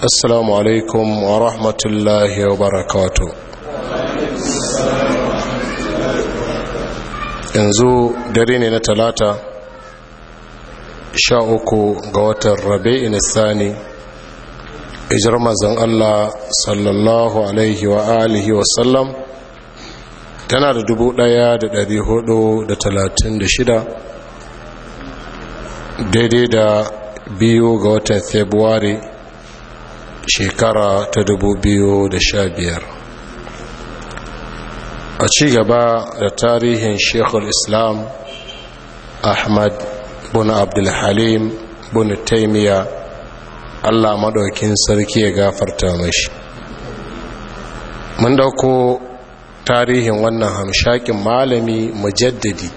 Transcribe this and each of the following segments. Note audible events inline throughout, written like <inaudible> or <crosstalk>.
assalamu alaikum wa rahmatullahi wa yanzu dare ne na talata sha uku ga watan rabe inisani ijar mazan allah sallallahu alaihi wa alihi wasallam tana da dubu ɗaya da dari hudu da talatin da shida daidai da biyu ga watan februari shekara ta dubu biyu da sha biyar. a ci gaba da tarihin shekul islam ahmad bin abdulhalim bin taimiya allah maɗaukin sarki ya gafarta mashi mun dauko tarihin wannan hamshakin malami mujaddadi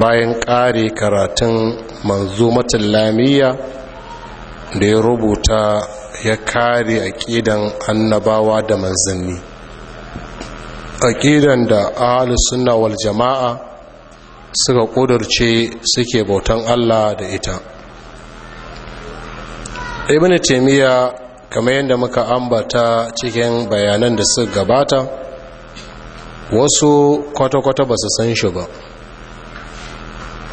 bayan ƙare karatun manzo matallamiya da ya rubuta ya kare aƙidan annabawa da manzanni aƙidan da ahalus sunna wal jama'a suka ƙudurce suke bautan Allah da ita ibn taimiyya kamar yadda muka ambata cikin bayanan da suka gabata wasu kwata-kwata ba su san shi ba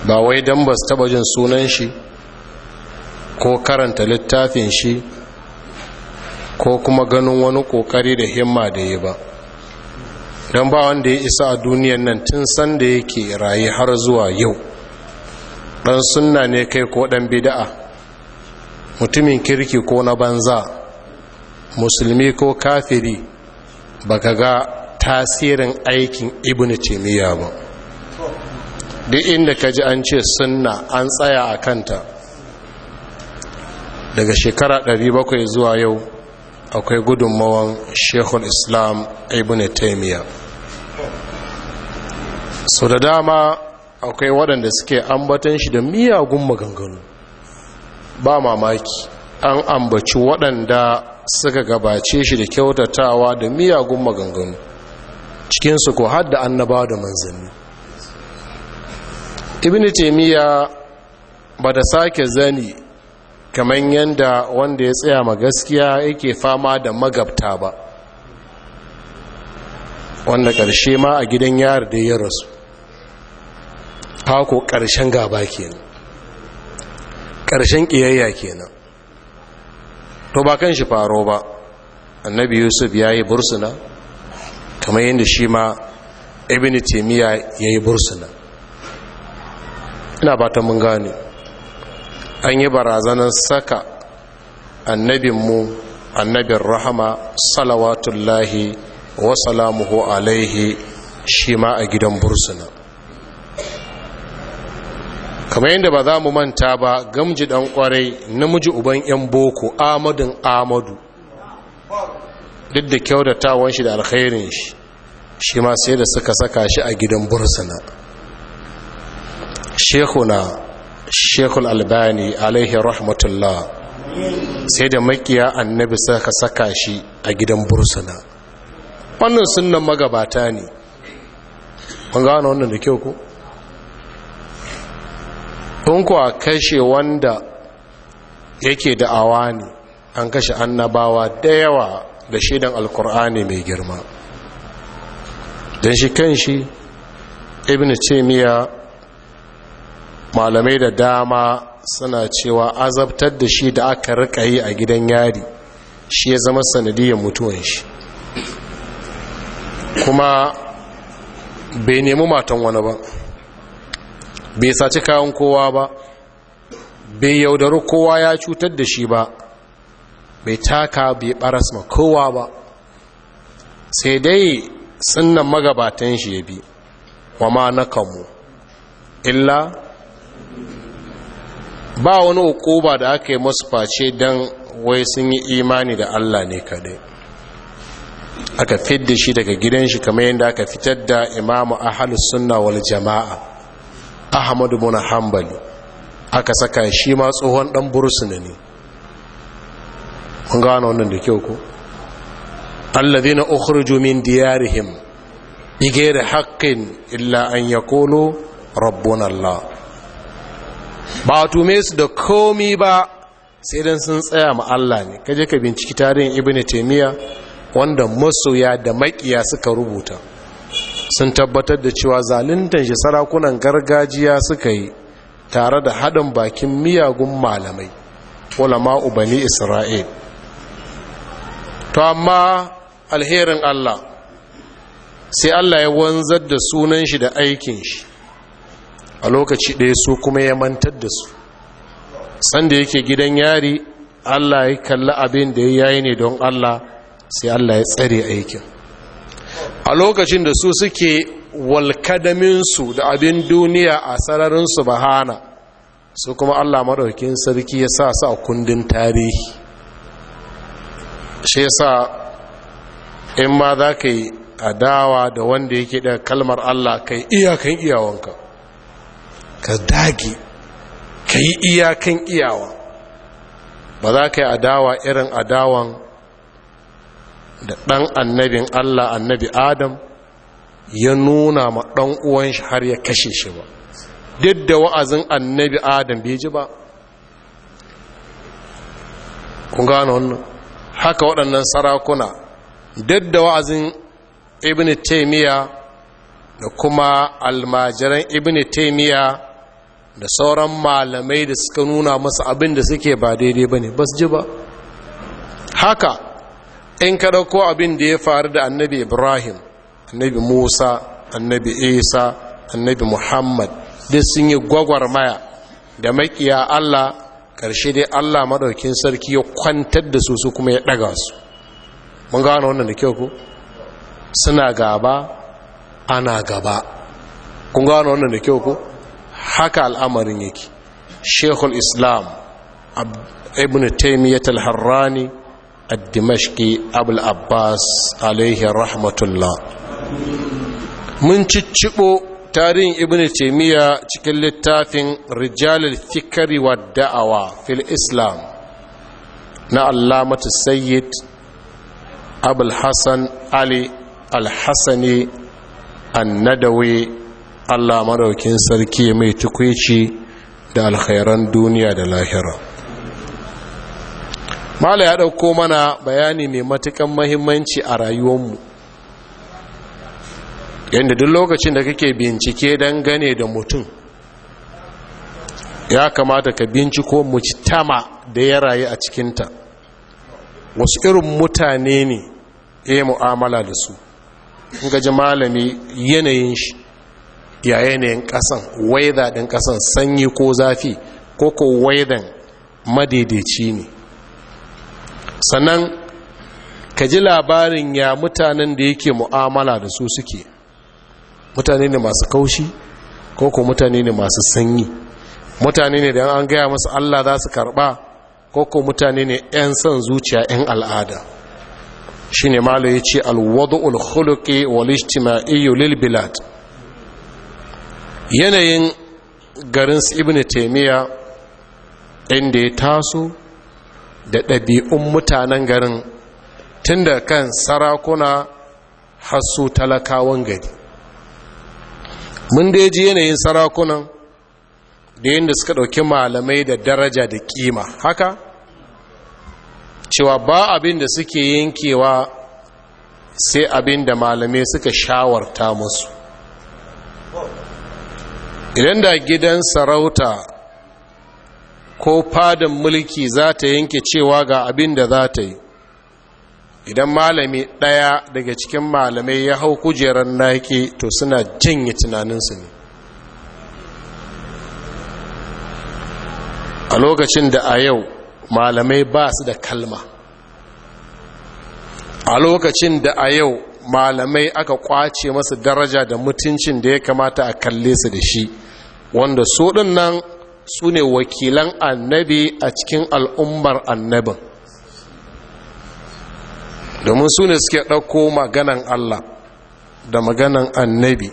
ba wai don ba su taba jin sunan shi ko karanta littafin shi ko kuma ganin wani kokari da himma da ya ba don ba wanda ya isa a duniyan nan tun sanda yake raye har zuwa yau ɗan sunna ne kai ko ɗan bida'a mutumin kirki ko na banza musulmi ko kafiri baka ga tasirin aikin Ibn Timiya ba duk inda ka ji an ce sunna an tsaya a kanta daga shekara 700 zuwa yau akwai gudunmawan shekul islam ibn taimiyya so da dama akwai waɗanda suke ambatan shi da miyagun maganganu ba mamaki an ambaci waɗanda suka gabace shi da kyautatawa da miyagun maganganu cikinsu ko har da annaba da manzanni ibn taimiyya ba da sake zani kamar yadda wanda ya tsaya ma gaskiya yake fama da magabta ba wanda ƙarshe ma a gidan yari da ya rasu hako ƙarshen gaba kenan ƙarshen ƙiyayya kenan to ba kan shi faro ba annabi yusuf ya yi bursuna kamar yadda shi ma ibini temiya ya yi bursuna ina ba ta mun gane an yi barazanar saka annabinmu annabin rahama salawatullahi wa salamuhu alaihi shi ma a gidan bursuna kamar yadda ba za mu manta ba gamji dan kwarai namiji uban yan boko amadun amadu duk da kyaudatawan shi da alkhairin shi shi ma sai da suka saka shi a gidan bursuna shekuna shekul albani alaihi rahmatullah sai da makiya annabi saka saka shi a gidan bursuna wannan sunan magabata ne an gano wannan da kyau ku kuwa kashe wanda yake da awani an kashe annabawa da yawa da shaidan alkur'ani mai girma don shi kan shi ibn taimiyya malamai da dama suna cewa azabtar da shi da aka rika yi a gidan yari shi ya zama sanadiyar mutuwan shi kuma bai nemi matan wani ba bai saci kayan kowa ba bai yaudari kowa ya cutar da shi ba bai taka bai baras ma kowa ba sai dai sunan magabatan shi ya bi wa ma na kanmu illa ba wani hukuba da aka yi masu face don wai sun yi imani da Allah ne kaɗai aka fidda shi daga gidan shi kamar yadda aka fitar da imamu a ahalus sunna wal jama'a ahmadu muna hanbali aka saka shi ma tsohon dan bursuna ne mun gano wannan da kyau ko na ukhrijoo min diyarihim igere haƙƙin illa an yaqulu rabbuna Allah ba a tume su da komi ba sai dan sun tsaya ma Allah ne kaje ka binciki tarihin ibn Taimiyya. wanda masoya da makiya suka rubuta sun tabbatar da cewa zaluntar shi sarakunan gargajiya suka yi tare da haɗin bakin miyagun malamai ulama ubani isra'il to amma alherin Allah sai Allah ya wanzar da sunan shi da aikin shi a lokaci ɗaya su kuma ya mantar da su sanda yake gidan yari allah ya kalli abin da ya yi ne don allah sai allah ya tsare aikin a lokacin da su suke walkadaminsu da abin duniya a sararinsu bahana su kuma allah maɗaukin sarki ya sa su a kundin tarihi shi ya sa in ma za ka yi adawa da wanda yake da kalmar Allah kai iyakan iyawanka ka dage ka yi iyakan iyawa ba za ka yi adawa irin adawan da ɗan annabin allah annabi adam ya nuna ma ɗan uwan shi har ya kashe shi ba duk da wa'azin annabi adam bai ji ba kun gano wannan haka waɗannan sarakuna duk da wa'azin ibn taimiyya da kuma almajiran ibn taimiyya da sauran malamai da suka nuna masa abin da suke ba daidai ba ne ba ji ba haka in ka ɗauko abin da ya faru da annabi ibrahim annabi musa annabi isa annabi muhammad duk sun yi gwagwarmaya da makiya allah ƙarshe dai allah maɗaukin sarki ya kwantar da su su kuma ya ɗaga su mun gano wannan da kyau ku suna gaba ana gaba kun gano wannan da kyau ko? haka al'amarin yake shekul islam ibn taimiyyat al-harrani al-dimashki abul abbas alaihi rahmatullah mun cicciɓo tarihin ibn taimiyya cikin littafin rijalar fikari wa da'awa fil islam na allamatu sayyid abul hassan ali al-hassani annadawi allah maraukin sarki mai tukwici da alkhairan duniya da lahira mala ya ɗauko mana bayani mai matukan mahimmanci a rayuwar mu, yadda duk lokacin da kake bincike don gane da mutum ya kamata ka binciko tama da ya rayu a cikinta wasu irin mutane ne ya mu'amala da su in gaji malami yanayin shi ya yanayin ƙasan waida ɗin ƙasan sanyi ko zafi ko ko waidan madaidaici ne sannan ka ji labarin ya mutanen da yake mu'amala da su suke mutane ne masu kaushi ko ko mutane ne masu sanyi mutane ne da an gaya masu allah za su karba ko ko mutane ne 'yan san zuciya 'yan al'ada shine ne malo ya ce alwadu'ul khuluki walishtima lil yanayin garin ibn taimiyya inda ya taso da ɗabi'un mutanen garin tun kan sarakuna hasu talakawan gari mun da ji yanayin sarakunan da yadda suka ɗauki malamai da daraja da kima haka cewa ba abin da suke yankewa sai abin da malamai suka shawarta musu idan da gidan sarauta ko fadan mulki za ta yanke cewa ga abin da za ta yi idan malami ɗaya daga cikin malamai ya hau kujerar naki to suna janye tunaninsu ne a lokacin da a yau malamai ba su da kalma a lokacin da a yau malamai aka kwace masu daraja da mutuncin da ya kamata a kalle su da shi wanda su ɗin nan su ne wakilan annabi a cikin al'ummar annabin domin su ne suke ɗauko maganan Allah da maganan annabi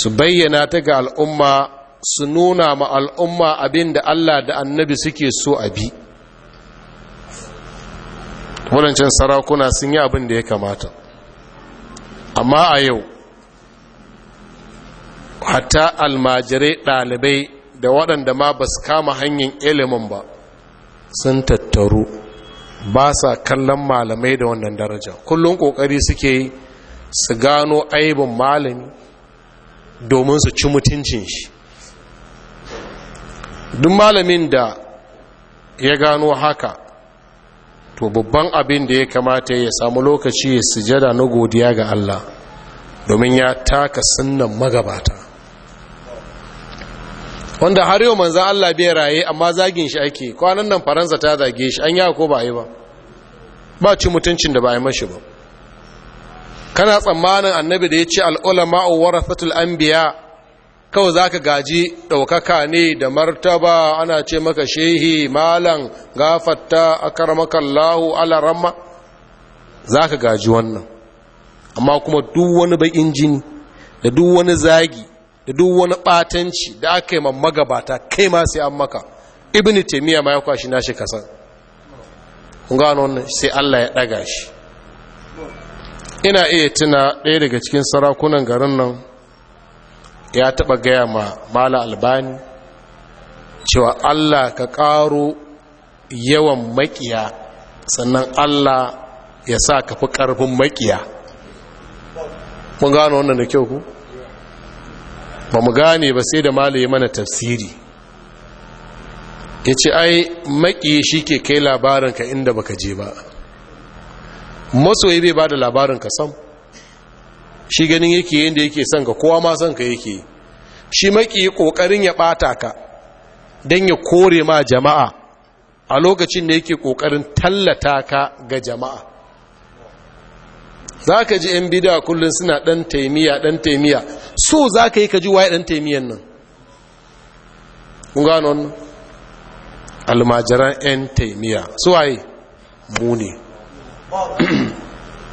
su bayyana ta ga al'umma su nuna ma al'umma abin da Allah da annabi suke so a bi wadancan sarakuna sun yi abin da ya kamata amma a yau hatta almajirai ɗalibai da waɗanda ma ba su kama hanyar ilimin ba sun tattaru ba sa kallon malamai da wannan daraja kullum ƙoƙari suke su gano aibin malami domin su ci mutuncin shi duk malamin da ya gano haka to babban abin da ya kamata ya samu lokaci ya sujada na godiya ga Allah domin ya taka sunan magabata wanda har yau manzan Allah bai raye amma zagin shi ake kwanan nan faransa ta zage shi an yako ko ba yi ba ba ci mutuncin da ba yi mashi ba kana tsammanin annabi da ya ce al'ulama warasatul anbiya kawai za ka gaji ɗaukaka ne da martaba ana ce maka shehi malam gafatta akarmakallahu alaramma za ka gaji wannan amma kuma duk wani baƙin jini da duk wani zagi da duk wani batanci da aka yi magabata kai ma sai an maka ibini taimiyya ma ya kwashi nashi kasan gano wannan sai allah ya ɗaga shi ina iya tuna ɗaya daga cikin sarakunan garin nan ya taɓa gaya ma mala albani cewa allah ka ƙaro yawan maƙiya sannan allah ya sa ka fi ƙarfin makiya mun gano wannan da kyau ku ba mu gane ba sai da malaye mana tafsiri ya ce ai maƙiye shi ke kai ka inda baka je ba masoyi bai ba da labarinka sam shi ganin yake yadda yake son ka kowa ma son ka yake shi maƙiye ƙoƙarin ya bata ka don ya kore ma jama'a a lokacin da yake ƙoƙarin tallata ka ga jama'a za ka ji 'yan bida kullum suna ɗan taimiya ɗan taimiya so za ka yi ka ji waye ɗan taimiyan nan kun gano wannan almajiran 'yan taimiya su waye mu ne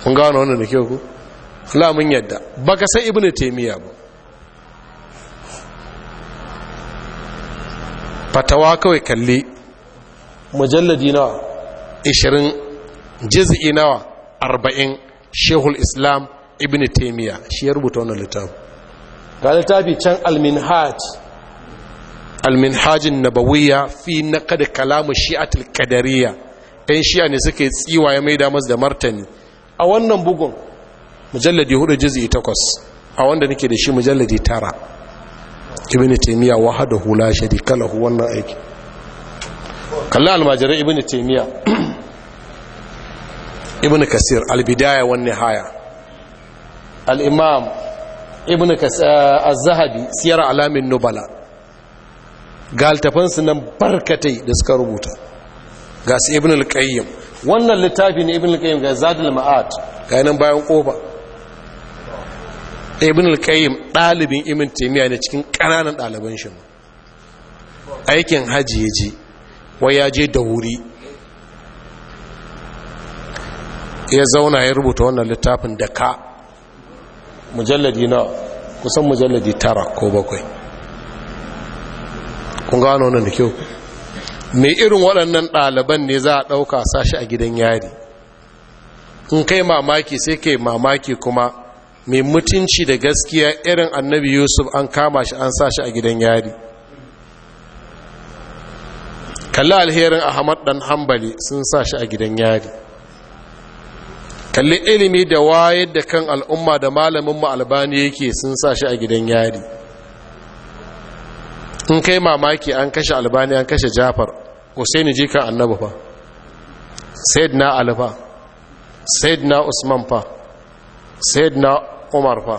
kun gano wannan da kyau ku lamun yadda ba ka san ibini taimiya ba fatawa kawai kalli mujalladi nawa 20 jiz'i nawa 40 shehul islam ibn taimiyya shi ya rubuta wannan littafi ga littafi can alminhaj alminhajin nabawiyya fi naqd kalam shi'atul qadariyya ɗan shi'a ne suka yi tsiwa ya maida da martani a wannan bugun mujalladi 4 jizi 8 a wanda nake da shi mujalladi 9 ibn taymiya wahadahu hula shari kala wannan aiki kalla almajirai ibn taimiyya <clears throat> ibn kasir albidaya wani haya al'imam ibn kasir uh, az-zahabi siyar alamin nubala ga altafansu nan barkatai da suka rubuta ga su ibn al-qayyim wannan littafi ne ibn al-qayyim ga zadul ma'at ga nan bayan koba ibn al-qayyim dalibin ibn taymiya ne cikin ƙananan ɗaliban shi aikin hajji ya je, wai ya je da wuri ya zauna ya rubuta wannan littafin da ka mujalladi na kusan mujalladi tara ko bakwai kun gano wannan da kyau mai irin waɗannan ɗaliban ne za a ɗauka sashi a gidan yari in kai mamaki sai kai mamaki kuma mai mutunci da gaskiya irin annabi yusuf an kama shi an sashi a gidan yari kalli alherin ahmad dan hambali sun sashi a gidan yari kalli ilimi da wayar da kan al'umma da malamin mu albani yake sun sa shi a gidan yari in kai mamaki an kashe albani an kashe jafar husaini kan annabu fa Said na ali Said na usman fa Said na umar fa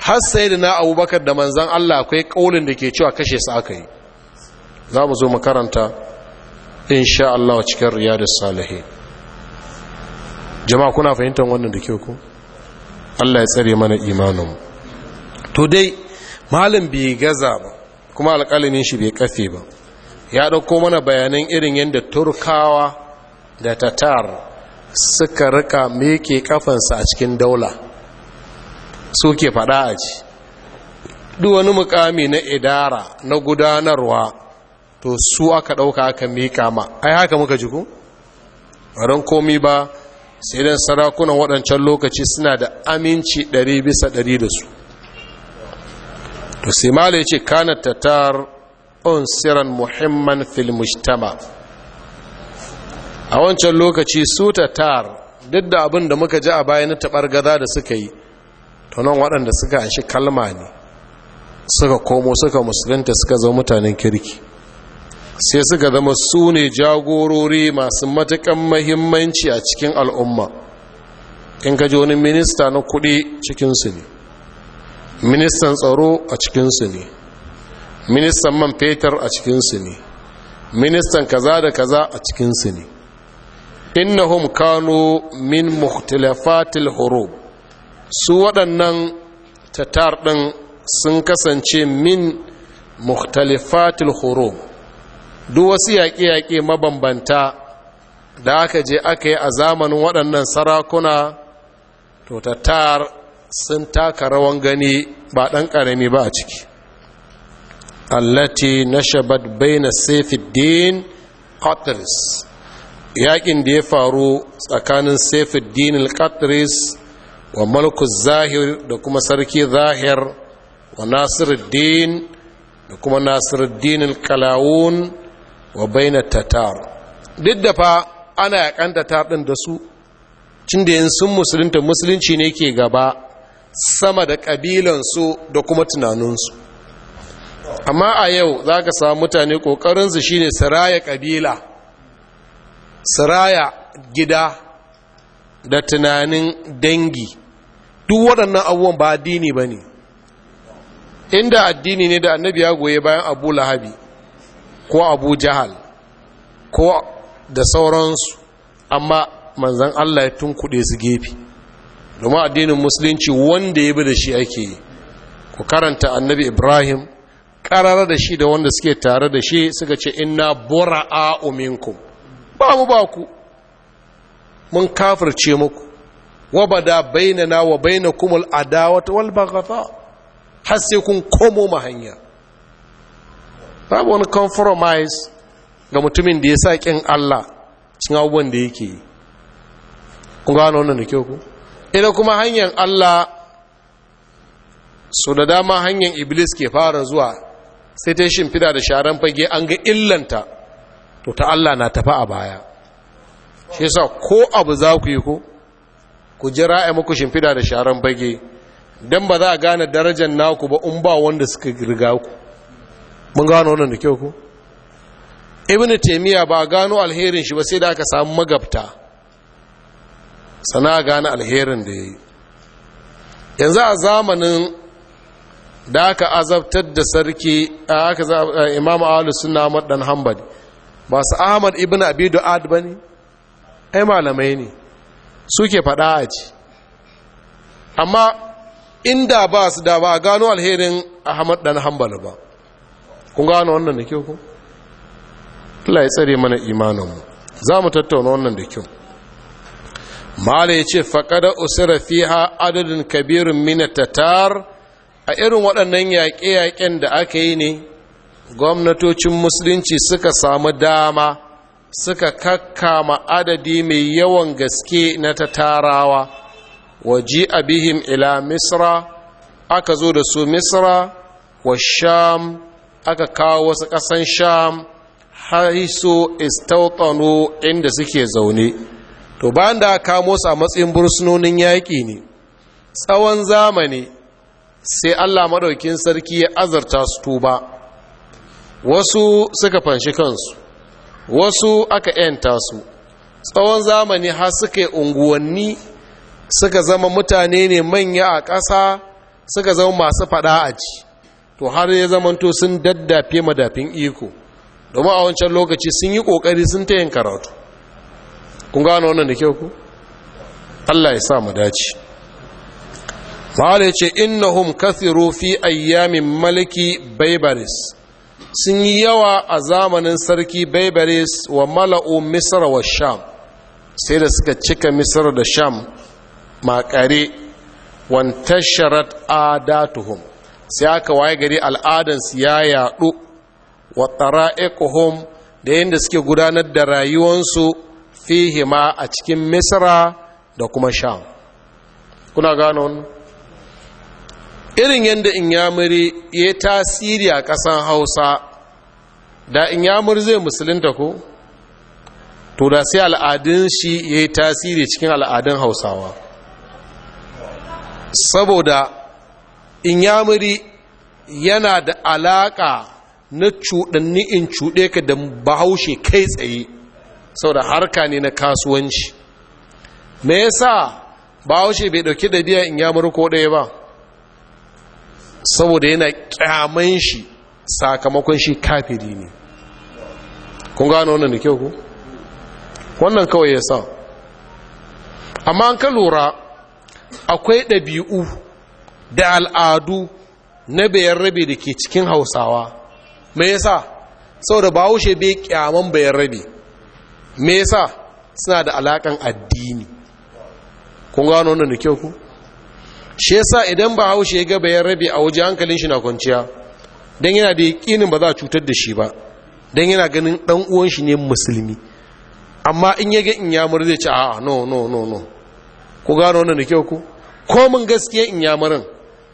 har na abubakar da manzan allah akwai kaulin da ke cewa kashe su aka yi za mu zo makaranta insha allah cikin riyadus salihin jama'a kuna fahimtar wannan da kyau ko Allah ya tsare mana imanin to dai malam bai gaza ba kuma alƙalimin shi bai kafe ba ya dauko mana bayanan irin yadda turkawa da tatar suka rika meke kafansa a cikin daula Su ke fada a ci duk wani mukami na idara na gudanarwa to su aka ɗauka aka meka ma ai haka muka ji jiku ran komi ba sai dan sarakunan waɗancan lokaci suna da aminci ɗari bisa ɗari da su to sai mala ya ce kana tatar unsiran muhimman filmushtama. a wancan lokaci su tatar duk da abin da muka ji a bayan na taɓar gaza da suka yi to nan waɗanda suka shi kalma ne suka komo suka musulunta suka zama mutanen kirki sai suka zama su ne jagorori masu matukan mahimmanci a cikin al'umma in ka ji wani minista na kudi cikinsu ne ministan tsaro a cikinsu ne ministan man fetur a cikinsu ne ministan kaza da kaza a cikinsu ne innahum kanu min mukhtilafatil hurub su waɗannan tatar ɗin sun kasance min mukhtalifatil hurub duk wasu yaƙe-yaƙe mabambanta da aka je aka yi a zamanin waɗannan sarakuna to tattar sun taka rawan gani ba ɗan ƙarami ba a ciki allati na na Din qatris yaƙin da ya faru tsakanin Din qatris wa Malkus zahir da kuma sarki zahir wa nasiruddin da kuma nasiruddin kalawun wa baina tatar duk da fa ana yakan tatar din da su cin da yin sun musulunta musulunci ne ke gaba sama da kabilansu da kuma tunaninsu amma a yau za ka samu mutane ƙoƙarinsu shi ne siraya ƙabila siraya gida da tunanin dangi duk waɗannan abubuwan ba addini ba ne inda addini ne da annabi ya goye bayan abu lahabi ko abu jahal ko da sauransu amma manzan Allah ya tunkuɗe su gefe domin addinin musulunci wanda ya bi da shi ake yi ku karanta annabi ibrahim ƙarar da shi da wanda suke tare da shi suka ce inna a ominku ba mu ba ku mun kafirce muku wabada na, wa bainakumul adawata wal baghatha har sai kun komo ma hanya babu wani compromise ga mutumin da ya sa ƙin Allah cin abubuwan da yake yi kun gano wannan da ke ku ina kuma hanyar Allah su da dama hanyar iblis ke fara zuwa sai ta shimfida da sharan fage an ga illanta to ta Allah na tafi a baya shi yasa ko abu za ku yi ku ku ji ra'ayi muku shimfida da sharan fage don ba za a gane darajar naku ba in ba wanda suka riga ku mun gano wannan da kyau ku ibn taymiya ba gano alherin shi ba sai da aka samu magabta sana gano alherin da yayi yi yanzu a zamanin da aka azabtar da sarki a aka za imamu ahlus ahmad madan hanbali ba su ahmad ibn abidu ad ba ne ai malamai ne suke faɗa a ci amma inda ba su da ba gano alherin ahmad dan hanbali ba kun gano wannan da kyau ku Allah ya tsare mana imaninmu za mu tattauna wannan da kyau mala ya ce faƙada usira fiha adadin kabirin mina tatar a irin waɗannan yaƙe-yaƙen da aka yi ne gwamnatocin musulunci suka samu dama suka kakkama adadi mai yawan gaske na tatarawa waji abihim ila misra aka zo da su misra wa sham aka kawo wasu ƙasan sham haiso istautano inda suke zaune to ba da aka kamo su a matsayin bursunonin yaƙi ne tsawon zamani sai allah maɗaukin sarki ya azarta su tuba wasu suka fanshi kansu wasu aka yanta su tsawon zamani har suka yi unguwanni suka zama mutane ne manya a ƙasa suka zama masu faɗa a ciki to har ya zamanto sun daddafe madafin iko domin a wancan lokaci sun yi kokari sun ta yin karatu kun gano wannan da kyau ku Allah ya sa mu dace ma'ala ce innahum kathiru fi ayyamin malaki baybaris sun yi yawa a zamanin sarki baybaris wa mala'u misr wa sham sai da suka cika misr da sham makare wantasharat adatuhum sai aka waye gari al'adansu ya yaɗu wa ekohom da yadda suke gudanar da rayuwansu hima a cikin misra da kuma sha. kuna gano wannan irin yadda inyamuri ya yi tasiri a ƙasan hausa da inyamur zai musulunta ko to da sai al'adun shi ya yi tasiri cikin al'adun hausawa saboda inyamuri yana da alaƙa na cuɗanni in cuɗe ka da bahaushe kai tsaye saboda harka ne na kasuwanci me yasa bahaushe bai ɗauki ɗabi'a inyamuri ko ɗaya ba saboda yana ƙyaman shi sakamakon shi kafiri ne kun gano wannan da kyau ku wannan kawai ya sa amma an ka lura akwai ɗabi'u da al'adu na bayan rabe da ke cikin hausawa me yasa saboda bahaushe bai kyaman bayan rabe me yasa suna da alakan addini kun gano wannan da kyau ku shi yasa idan bahaushe ya ga bayan rabe a waje hankalin shi na kwanciya don yana da yakinin ba za a cutar da shi ba don yana ganin dan uwan shi ne musulmi amma in ya ga in yamur zai ci a'a no no no no ku gano wannan da kyau ku komin gaskiya in yamurin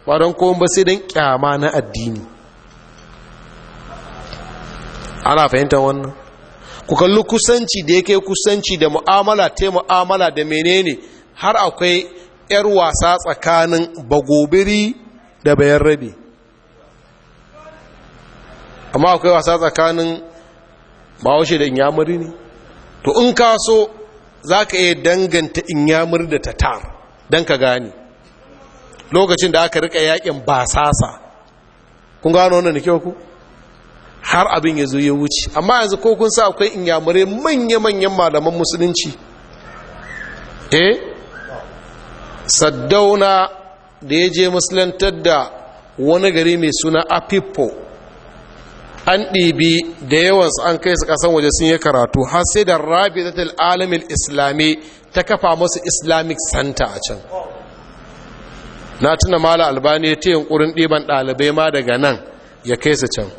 ba don kowan ba sai don kyama na addini ana fahimta wannan ku kalli kusanci da yake kusanci da mu'amala ta mu'amala da menene har akwai 'yar wasa tsakanin bagobiri da bayan rabi amma akwai wasa tsakanin bawashe da inyamuri ne to in ka so za ka iya danganta inyamur da tatar don ka gane lokacin da aka rika yakin basasa kun gano wannan kyau ku har abin ya zo ya wuce amma yanzu ko kun sa akwai inyamurai manya-manyan malaman musulunci eh saddauna da ya je musulantar da wani gari mai suna apipo an ɗibi da yawansu an kai su ƙasan waje sun yi karatu har sai da rabi alamin islami ta kafa masu islamic center a can na tuna mala albani ya ce yunkurin ɗiban ɗalibai ma daga nan ya kai su can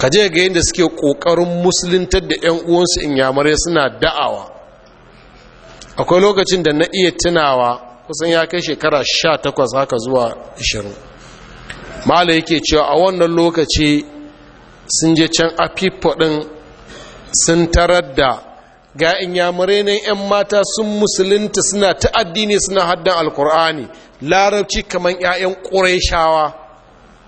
Kaje je ga yadda suke ƙoƙarin musuluntar da 'yan uwansu inyamurai suna da'awa akwai lokacin da na iya tunawa kusan ya kai shekara sha takwas haka zuwa 20 mala yake cewa a wannan lokaci sun je can afifo ɗin sun tarar da ga inyamurai na 'yan mata sun musulunta suna ta addini suna haddan alkur'ani larabci kamar 'ya'yan ƙuraishawa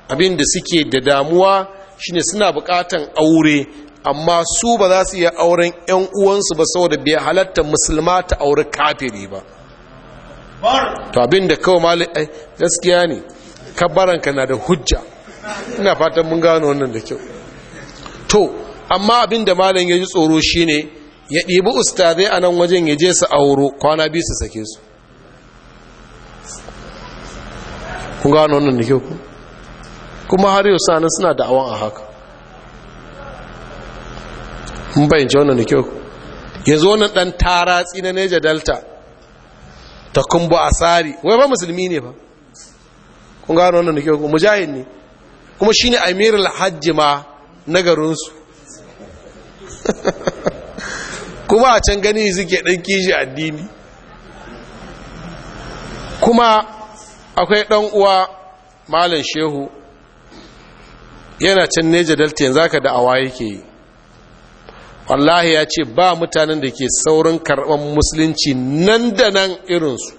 abin da suke da damuwa shine suna buƙatan aure amma su ba za su yi auren 'yan uwansu ba saboda bai halatta musulma ta auri kafiri ba to abin da kawai mali ai gaskiya ne kabaranka na da hujja ina fatan mun gano wannan da kyau to amma abin da malam ya ji tsoro shine ne ya ɗibi ustazai a nan wajen ya je su auro kwana biyu su sake su kun gano wannan da kyau ku kuma har yau sanin suna awon a haka mun bayyance wannan da kyau ku yanzu wannan ɗan taratsi na neja delta ta kumbu asari wai ba musulmi ne ba kun gano wannan da kyau ku mujahid ne kuma shi ne amirul hajji ma na garinsu <laughs> kuma a can gani suke ɗan kishi addini kuma akwai ɗan uwa malam shehu yana can neja delta yanzu aka da awa yake yi wallahi ya ce ba mutanen da ke saurin karɓar musulunci nan da nan irinsu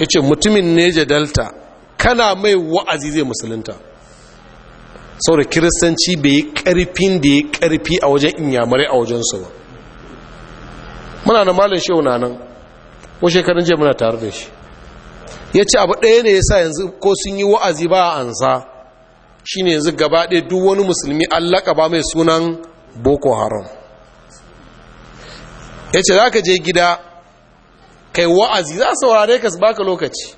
ya ce mutumin neja delta kana mai wa'azi zai musulunta saboda kiristanci bai yi karfin da ya karfi a wajen inyamurai a wajensu ba muna na malin shehu na nan ko shekarun jiya muna tare da shi ya ce abu ɗaya ne ya sa yanzu ko sun yi wa'azi ba a ansa shi ne yanzu gaba ɗaya duk wani musulmi an ba mai sunan boko haram ya ce za ka je gida kai wa'azi za su ware ka su baka lokaci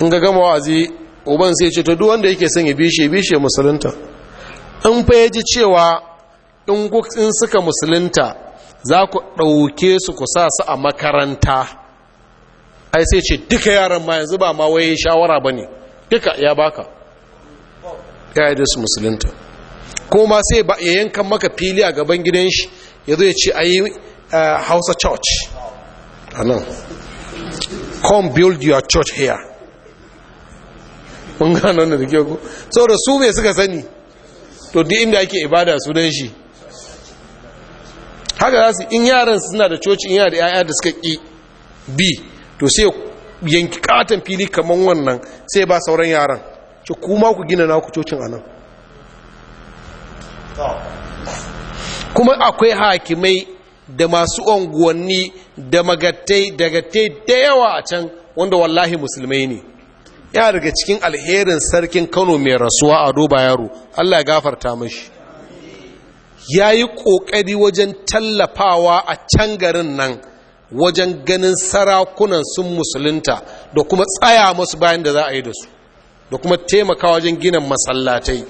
in ga gama wa'azi uban sai ce to duk wanda yake son ya bishe bishe musulunta in fa yaji cewa in in suka musulunta za ku ɗauke su ku sa su a makaranta ai sai ce duka yaran ma yanzu ba ma waye shawara bane ne duka ya baka ya yi su musulunta ko sai ba ya yankan maka fili a gaban gidan shi ya zo ya ce a yi eh, hausa church a nan come build your church here <laughs> mun gano da ke ku saboda su mai suka sani to duk inda ake ibada su sunan shi haka za su in yaran suna da coci in yana da 'ya'ya da suka ƙi bi to sai yanki katon fili kamar wannan sai ba sauran yaran ce kuma ku gina naku cocin anan kuma akwai hakimai da masu unguwanni da magatai da da yawa a can wanda wallahi musulmai ne yana daga cikin alherin sarkin kano mai rasuwa a duba yaro allah ya gafarta mashi ya yi ƙoƙari wajen tallafawa a can garin nan wajen ganin sarakunan sun musulunta da kuma tsaya masu bayan da za a yi da su da kuma taimaka wajen gina masallatai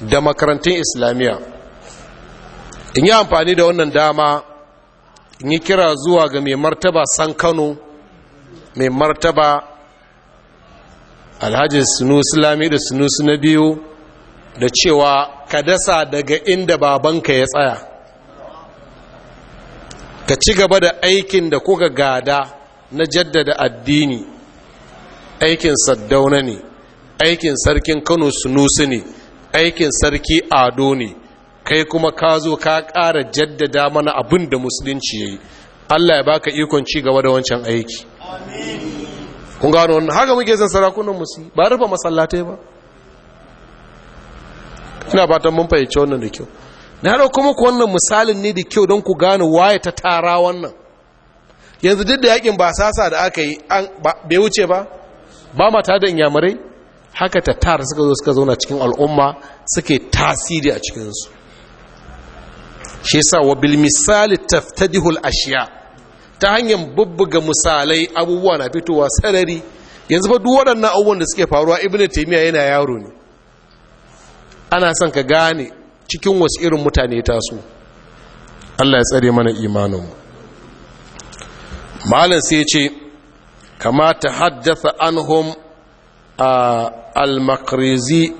da makarantun islamiyya in yi amfani da wannan dama in yi kira zuwa ga mai martaba san kano mai martaba alhaji sunusulami da sunu na biyu da cewa ka dasa daga inda babanka ya tsaya ka ci gaba da aikin da kuka gada na jaddada addini aikin saddauna ne aikin sarkin kano sunusu ne aikin sarki ado ne kai kuma ka zo ka ƙara jaddada mana abin da musulunci ya yi allah ya baka ikon ci gaba da wancan aiki kun gano wannan haka muke son sarakunan musu ba rufe masallatai ba ina ta mun fahimci wannan da kyau na haɗa kuma ku wannan misalin ne da kyau don ku gano waye ta tara wannan yanzu duk da yakin ba sasa da aka yi an bai wuce ba ba ta da inyamurai haka ta tara suka zo suka zauna cikin al'umma suke tasiri a cikinsu shi sa wa bil misali taftadihul ashiya ta hanyar bubbuga misalai abubuwa na fitowa sarari yanzu ba duk waɗannan abubuwan da suke faruwa ibn taymiya yana yaro ne ana son ka gane cikin wasu irin mutane taso Allah ya tsare mana imanin malam sai ya ce kama ta haddasa anhum al-makrizi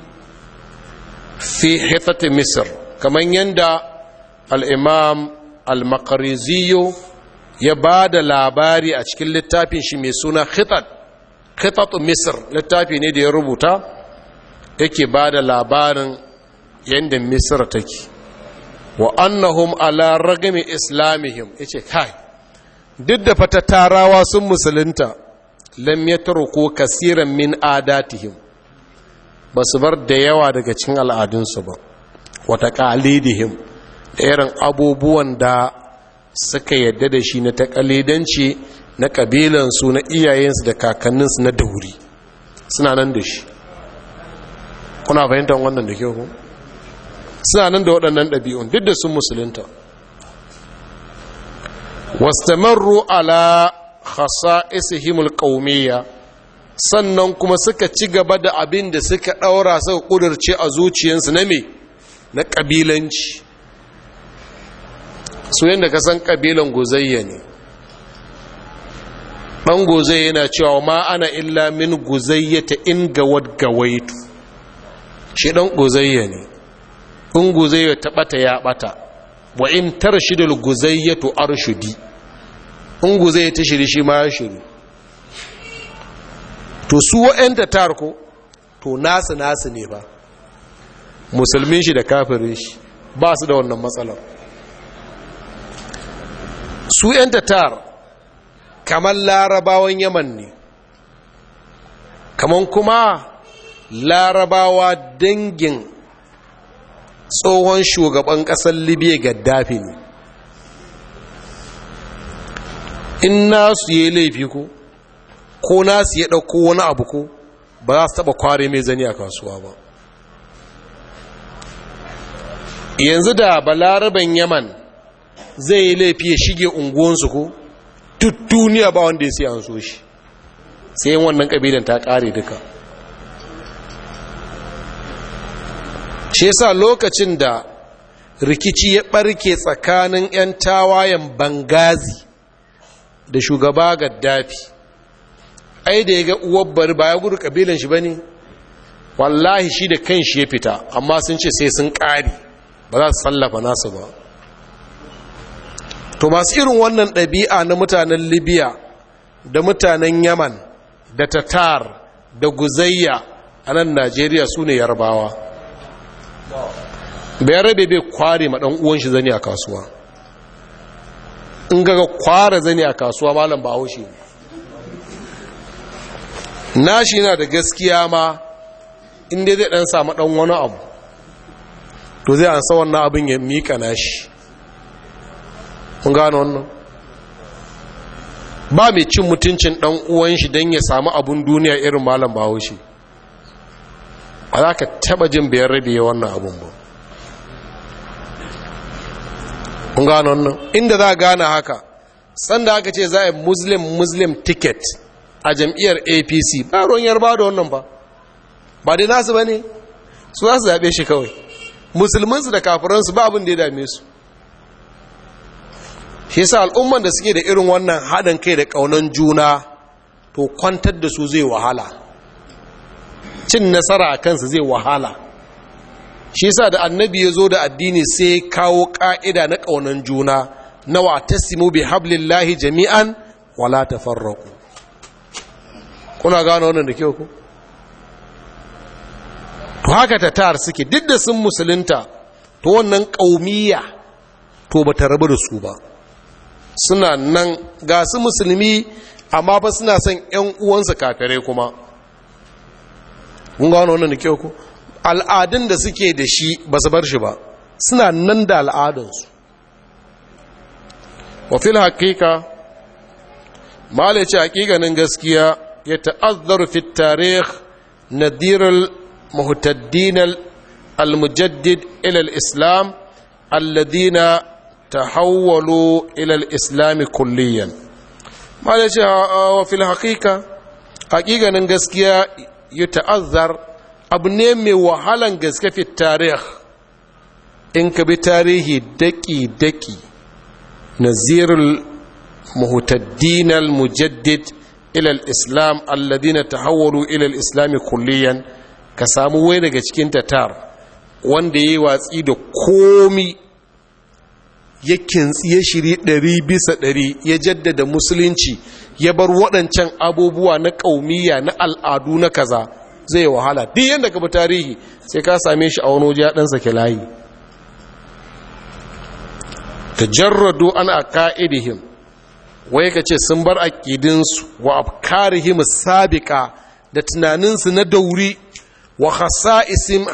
fi hifati misr kamar yadda al-imam al-makriziyo ya ba da labari a cikin littafin shi mai suna khitat khitat misir littafi ne da ya rubuta yake ba da labarin yadda misir take wa annahum ala ragami islamihim yace kai duk da fata tarawa sun musulunta lam yatruku kasiran min adatihim ba su bar da yawa daga cikin al'adunsu ba wata ƙalidihim da irin abubuwan da suka yadda da shi na takalidanci na ƙabilansu na iyayensu da kakanninsu na dauri suna nan da shi kuna fahimtar wannan da kyau suna nan da waɗannan ɗabi'un duk da sun musulunta wastamarru ala khasa'isihimul ƙaumiyya sannan kuma suka ci gaba da abin da suka ɗaura suka ƙudurce a zuciyarsu na me na ƙabilanci su yadda ka san ƙabilan guzayya ne ɗan guzayya yana cewa ma ana illa min guzayya ta in gawad gawaitu shi ɗan guzayya ne in guzayya ta ɓata ya ɓata wa in tarshidul guzayya to arshudi in guzayya ta shiri shi ma ya shiri to su wa'yanta tarko to nasu nasu ne ba musulmin shi da kafirin shi ba su da wannan matsalar su 'yan tatar kamar larabawan yaman ne kamar kuma larabawa dangin tsohon shugaban ƙasar libya gaddafi ne in nasu ya laifi ko ko nasu ya ɗauko wani abu ko ba za su taɓa kware mai zani a kasuwa ba yanzu da balaraban yaman zai yi laifi ya shige unguwansu ko Tuttuniya duniya ba wanda ya sai an so shi sai wannan kabilan ta ƙare duka shi yasa lokacin da rikici ya barke tsakanin 'yan tawayen bangazi da shugaba ga dafi, ai da ya ga uwabbar ba ya gudu kabilan shi ba ne wallahi shi da kan shi ya fita amma sun ce sai sun ƙari ba za su sallafa nasu ba to masu irin wannan ɗabi'a na mutanen libya da mutanen yaman da tatar da guzayya a nan najeriya su ne yarbawa bayan rabe bai kware maɗan uwan shi zane a kasuwa in gaga kware zane a kasuwa malam ba haushe na shi na da gaskiya ma inda zai ɗan maɗan wani abu to zai an wannan abin ya miƙa nashi mun gano wannan ba mai cin mutuncin dan uwan shi don ya samu abun duniya irin malam bawo shi a za ka taba jin bayan rabe wannan abun ba mun gano wannan inda za a gane haka sanda aka ce za a yi muslim muslim ticket a jam'iyyar apc ba ruwan yarba da wannan ba ba dai nasu ba ne su za su zaɓe shi kawai musulmansu da kafiransu ba abin da ya dame su shi sa al'umman da suke da irin wannan haɗin kai da ƙaunan juna to kwantar da su zai wahala cin nasara a kansu zai wahala shi sa da annabi ya zo da addini sai kawo ƙa'ida na ƙaunan juna nawa tasimu bi lahi jami'an wala ta farraku kuna gano wannan da kyau ku to haka ta, tar suke duk da sun musulunta to wannan ƙaumiyya to bata rabu da su ba suna nan ga su musulmi amma ba suna son ‘yan uwansu kafirai kuma kun wani wannan da kyau ku al'adun da suke da shi ba su bar shi ba suna nan da al'adunsu wafil haƙiƙa malice haƙiƙanin gaskiya ya ta'azzar fi tarih nadirar muhtaddin al-mujaddid ilal islam alladina tahawwalu ila al-islam kulliyan malai ce ah, ah, wa fil haqiqa haqiqanin gaskiya ya ta'azzar abu ne mai wahalan gaske fi tarih in ka bi tarihi daki daki nazirul muhtaddin al-mujaddid ila islam alladhina tahawwalu ila islami kulliyan ka samu wai daga cikin tatar wanda yayi watsi da komi ya kintsi ya shiri ɗari bisa ɗari ya jaddada musulunci ya bar waɗancan abubuwa na ƙaumiya na al'adu na kaza zai wahala duk yadda ka bi tarihi sai ka same shi a wani waje ɗansa ɗan layi ta jarrado an a ka'idihim wai ka ce sun bar aƙidinsu wa afkarihim sabiƙa da tunaninsu na dauri wa hasa'isi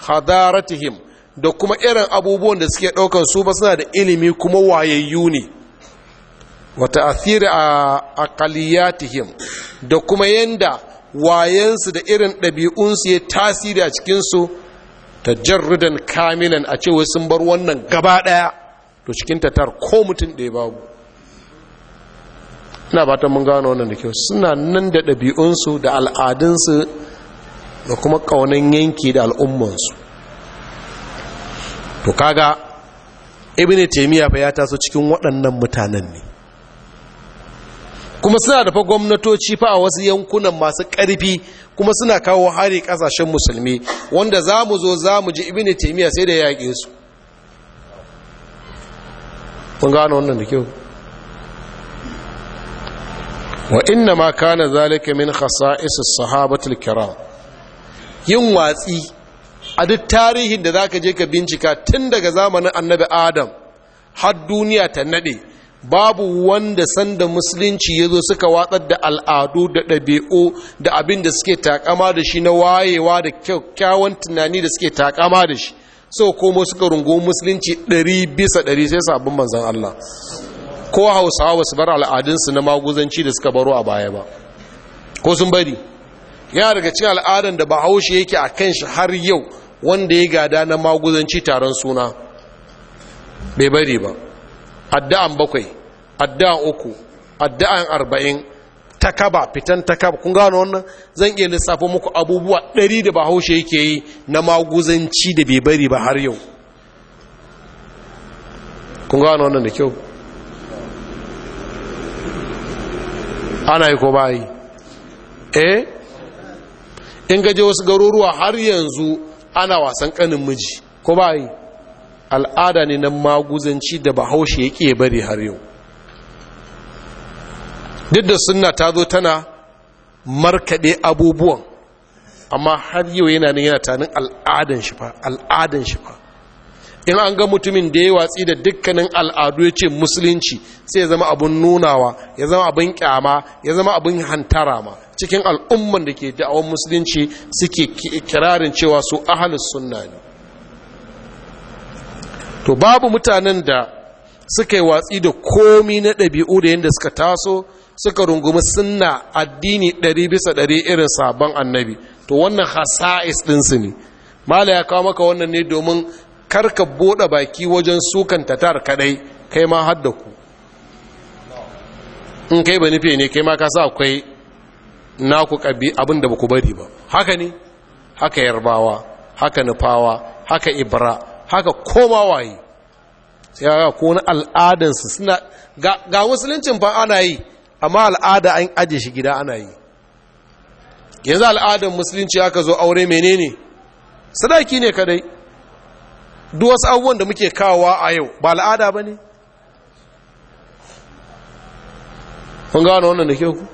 hadaratihim da kuma irin abubuwan da suke ɗaukan su ba suna da ilimi kuma wayayyu ne wata asiri a akaliyatihim da kuma yanda wayensu da irin ɗabi'unsu ya tasiri a cikinsu ta jarrudan kamilan a cewa sun bar wannan gaba ɗaya to cikin tatar ko mutum ɗaya babu ina ba mun gano wannan da kyau suna nan da ɗabi'unsu da al'adunsu da kuma ƙaunan yanki da al'ummansu to kaga ibn taymiya fa ya taso cikin waɗannan mutanen ne kuma suna da gwamnatoci fa a wasu yankunan masu ƙarfi kuma suna kawo hari ƙasashen musulmi wanda za mu zo za mu ji ibn taymiya sai da yaƙe su kun gano wannan da kyau wa inna ma kana zalika min khasa'is as-sahabatil kiram yin watsi a duk tarihin da za ka je ka bincika tun daga zamanin annabi adam har duniya ta nade babu wanda sanda musulunci ya zo suka watsar da al'adu da ɗabi'u da abin da suke takama da shi na wayewa da kyakkyawan tunani da suke takama da shi so komo suka rungo musulunci ɗari bisa ɗari sai sabon manzan Allah ko hausawa ba su bar al'adunsu na maguzanci da suka baro a baya ba ko sun bari yana daga cikin al'adar da bahaushe yake a kan shi har yau wanda ya gada na maguzanci taron suna bai bari ba addu'an bakwai addu'an uku addu'an arba'in takaba fitan takaba kun gano wannan zan iya lissafo muku abubuwa ɗari da bahaushe yake yi na maguzanci da bai bari ba har yau kun gano wannan da kyau ana yi ko bayi eh in gaje wasu garuruwa har yanzu ana wasan kanin miji ko ba yi al'ada ne na maguzanci da bahaushe ya ƙi bari har yau duk da sunna ta zo tana markaɗe abubuwan amma har yau yana nan yana tanin al'adan shi fa al'adan shi in an ga mutumin da ya watsi da dukkanin al'adu ya ce musulunci sai ya zama abin nunawa ya zama abin kyama ya zama abin hantara ma cikin al'umman da ke da'awar musulunci suke kirarin cewa su ahalus sunna ne to babu mutanen da suka yi watsi da komi na ɗabi'u da yadda suka taso suka rungumi sunna addini ɗari bisa ɗari irin sabon annabi to wannan hasa'is ɗinsu ne mala ya kawo maka wannan ne domin karka buɗe baki wajen sukan tatar kaɗai kai ma haddaku in kai ba nufi ne kai ma ka sa akwai Na ku ƙabi abin da ba ku bari ba haka ne haka yarbawa haka nufawa haka ibra haka koma waye sai ga ko na al'adansu suna ga musuluncin fa ana yi amma al'ada an ajiye shi gida ana yi yanzu al'adan musulunci aka zo aure menene sadaki ne kadai duk wasu abubuwan da muke kawowa a yau ba al'ada ba ne kun gano wannan da ke ku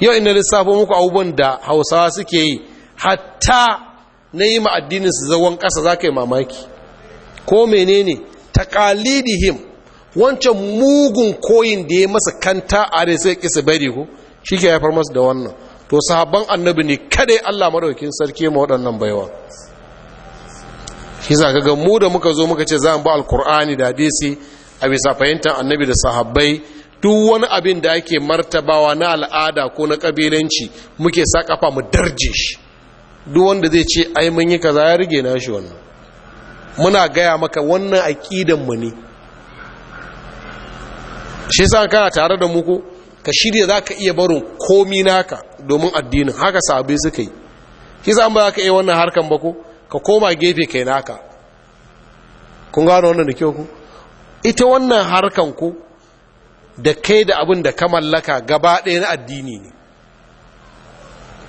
yau ina lissafo muku abubuwan da hausawa suke yi hatta na yi addinin su zagon ƙasa za ka yi mamaki ko menene takalidihim wancan mugun koyin da ya masa kanta a da sai kisa bari ko shi ke haifar masu da wannan to sahabban annabi ne kadai allah maɗaukin sarki ma waɗannan baiwa shi za ka ga mu da muka zo muka ce za mu ba alkur'ani da hadisi a bisa fahimtar annabi da sahabbai duk wani abin da ake martabawa na al'ada ko na kabilanci muke sa mu darje shi duk wanda zai ce ai mun yi kaza ya rige na wannan muna gaya maka wannan aqidan mu ne shi sa kana tare da mu ko ka shirya zaka iya barin komi naka domin addinin haka sahabbai suka yi shi sa ba zaka iya wannan harkan ba ko ka koma gefe kai naka kun gano wannan da kyau ku ita wannan harkan ku da kai da abin da ka mallaka gaba ɗaya na addini ne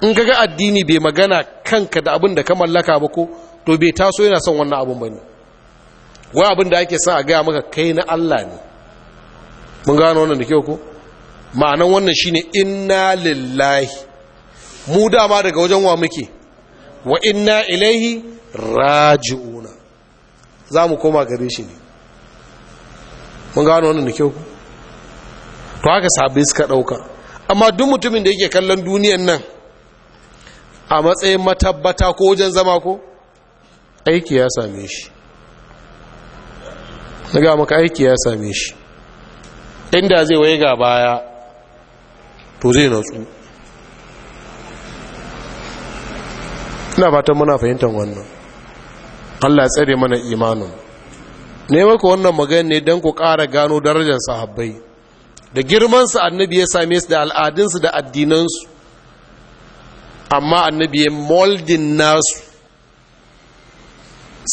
in ga addini bai magana kanka da abin da ka mallaka ba ko to bai taso yana son wannan abin ba ne wai abin da ake sa a gaya maka kai na Allah ne mun gano wannan da kyau ko ma'anan wannan shine inna lillahi mu dama daga wajen wa muke wa inna ilaihi raji'una za mu koma gare shi ne mun gano wannan da kyau ko to haka sabi suka ɗauka amma duk mutumin da yake kallon duniyan nan a matsayin matabbata ko wajen zama ko aiki ya same shi daga maka aiki ya same shi inda zai waye ga baya to zai natsu ina fatan muna fahimtar wannan allah tsare mana imanin ne maka wannan magana ne don ku ƙara gano darajar sahabbai da girmansu annabi ya same su da al'adunsu da addinansu amma annabi ya moldin nasu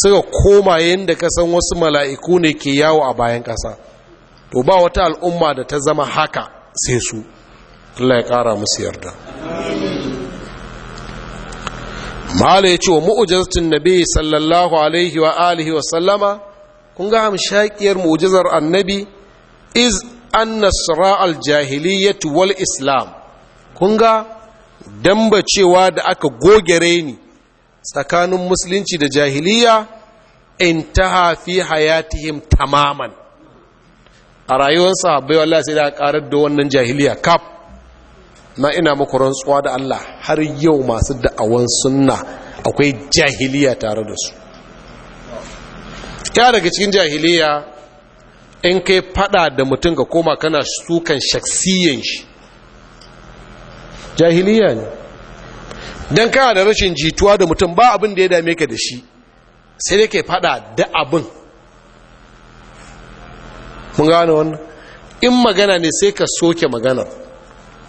suka koma yadda ka wasu mala'iku ne ke yawo a bayan ƙasa to ba wata al'umma da ta zama haka sai su Allah ya ƙara musu yarda mahala ya ce wa mu'ujazatin nabi sallallahu alaihi wa alihi wa sallama kun ga hamshakiyar mu'ujizar annabi iz anna al aljahiliya wal islam kun ga dambacewa da aka goge raini tsakanin musulunci da jahiliya intaha fi hayatihim tamaman a rayuwar sahabbai wallahi sai da karar da wannan jahiliya kaf na ina muku rantsuwa da Allah har yau masu da'awan sunna akwai jahiliya tare da su ka daga cikin jahiliya in kai fada da mutum ka koma kana sukan shaksiyan shi jahiliya ne don kana da rashin jituwa da mutum ba abin da ya dame ka da shi sai dai kai fada da abin mun gane wannan in magana ne sai ka soke maganar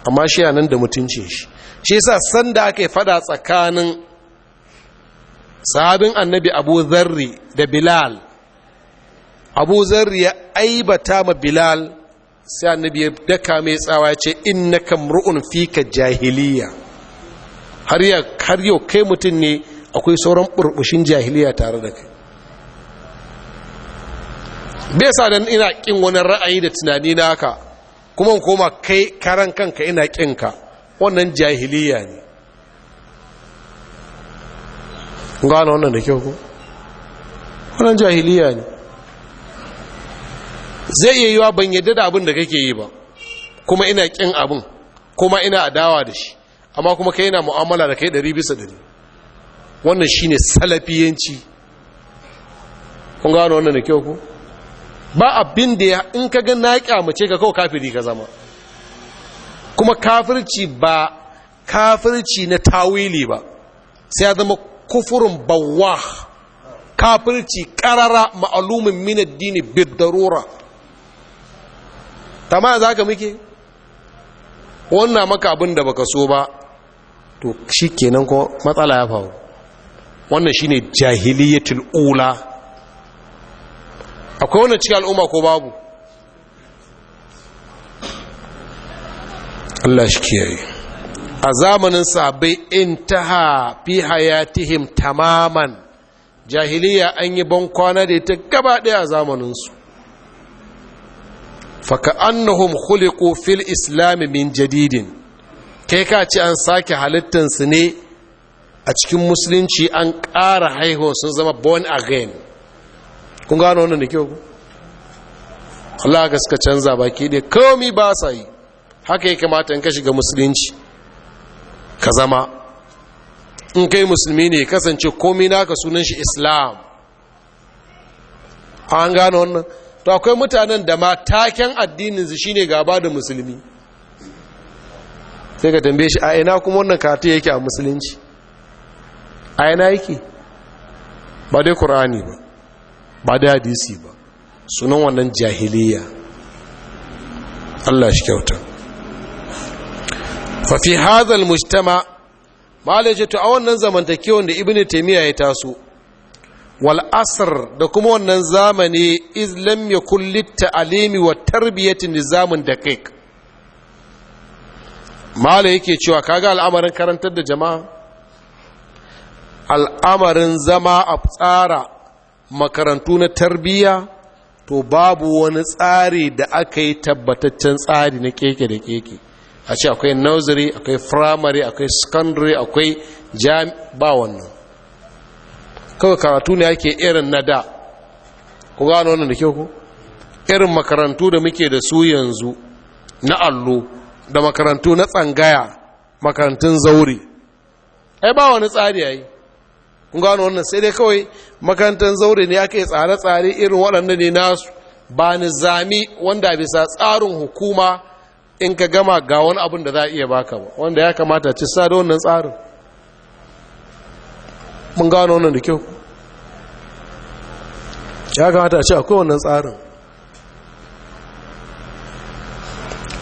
amma shi nan da mutuncin shi shi sa sanda aka yi fada tsakanin sahabin annabi abu zarri da bilal abu zar ya aibata ma bilal sai annabi ya daka mai tsawa ya ce innaka mru'un fika jahiliya har ya har yau kai mutum ne akwai sauran burbushin jahiliya tare da kai bai sa dan ina kin wani ra'ayi da tunani na haka kuma koma kai karan kanka ina kinka wannan jahiliya ne gano wannan da kyau ko wannan jahiliya ne zai iya yiwa ban yadda da abin da kake yi ba kuma ina kin abin kuma ina adawa da shi amma kuma kai na mu'amala da kai ɗari bisa ɗari wannan shi ne salafiyanci kun gano wannan da kyau ku ba abin da ya in ka ga na kyamace ka kawai kafiri ka zama kuma kafirci ba kafirci na tawili ba sai ya zama kufurin bawah kafirci ƙarara ma'alumin minadini addini bid darura tama za ka muke wannan maka abin da baka so ba to shi kenan ko matsala ya faru wannan shi ne jahiliyatul ula akwai wannan cikin al'umma ko babu Allah shi kiyaye a zamanin sabai intaha fi hayatihim tamaman jahiliya an yi bankwana da ita gaba daya a zamaninsu faka annahum khuliqu fil islam min jaridin. kai ka ce an sake halittansu ne a cikin musulunci an ƙara haihuwa sun zama born again kun gano wannan da kyau Allah ga suka canza baki ne komi ba sa yi haka ya kamata in ka shiga musulunci ka zama in kai musulmi ne kasance komi naka sunan shi islam an gano wannan to akwai mutanen da ma taken addininsu shine gaba da musulmi sai ka tambaye shi a ina kuma wannan kati yake a musulunci a ina yake ba dai qur'ani ba ba dai hadisi ba sunan wannan jahiliya Allah shi kyauta fafi hazal mujtama malaje to a wannan zamantakewan da ibnu taymiya ya taso wal da kuma wannan zamani iz lam yakul lit ta'limi wa tarbiyati nizamun daqiq mala yake cewa kaga al'amarin karantar da jama'a al'amarin zama a tsara makarantu na tarbiyya to babu wani tsari da aka yi tabbataccen tsari na keke da keke a ce akwai nursery akwai primary akwai secondary akwai jami'a, ba wannan kawai karatu ne ake irin na da ku gano wannan da kyau ku irin makarantu da muke da su yanzu na allo da makarantu na tsangaya makarantun zaure ai ba wani tsari yayi kun gano wannan sai dai kawai makarantar zaure ne ake tsare-tsare irin waɗanda ne nasu ba zami wanda bisa tsarin hukuma in ka gama ga wani abin da za a iya baka ba wanda ya kamata ci sa da wannan tsarin mun gano wannan da kyau ya kamata a ce akwai wannan tsarin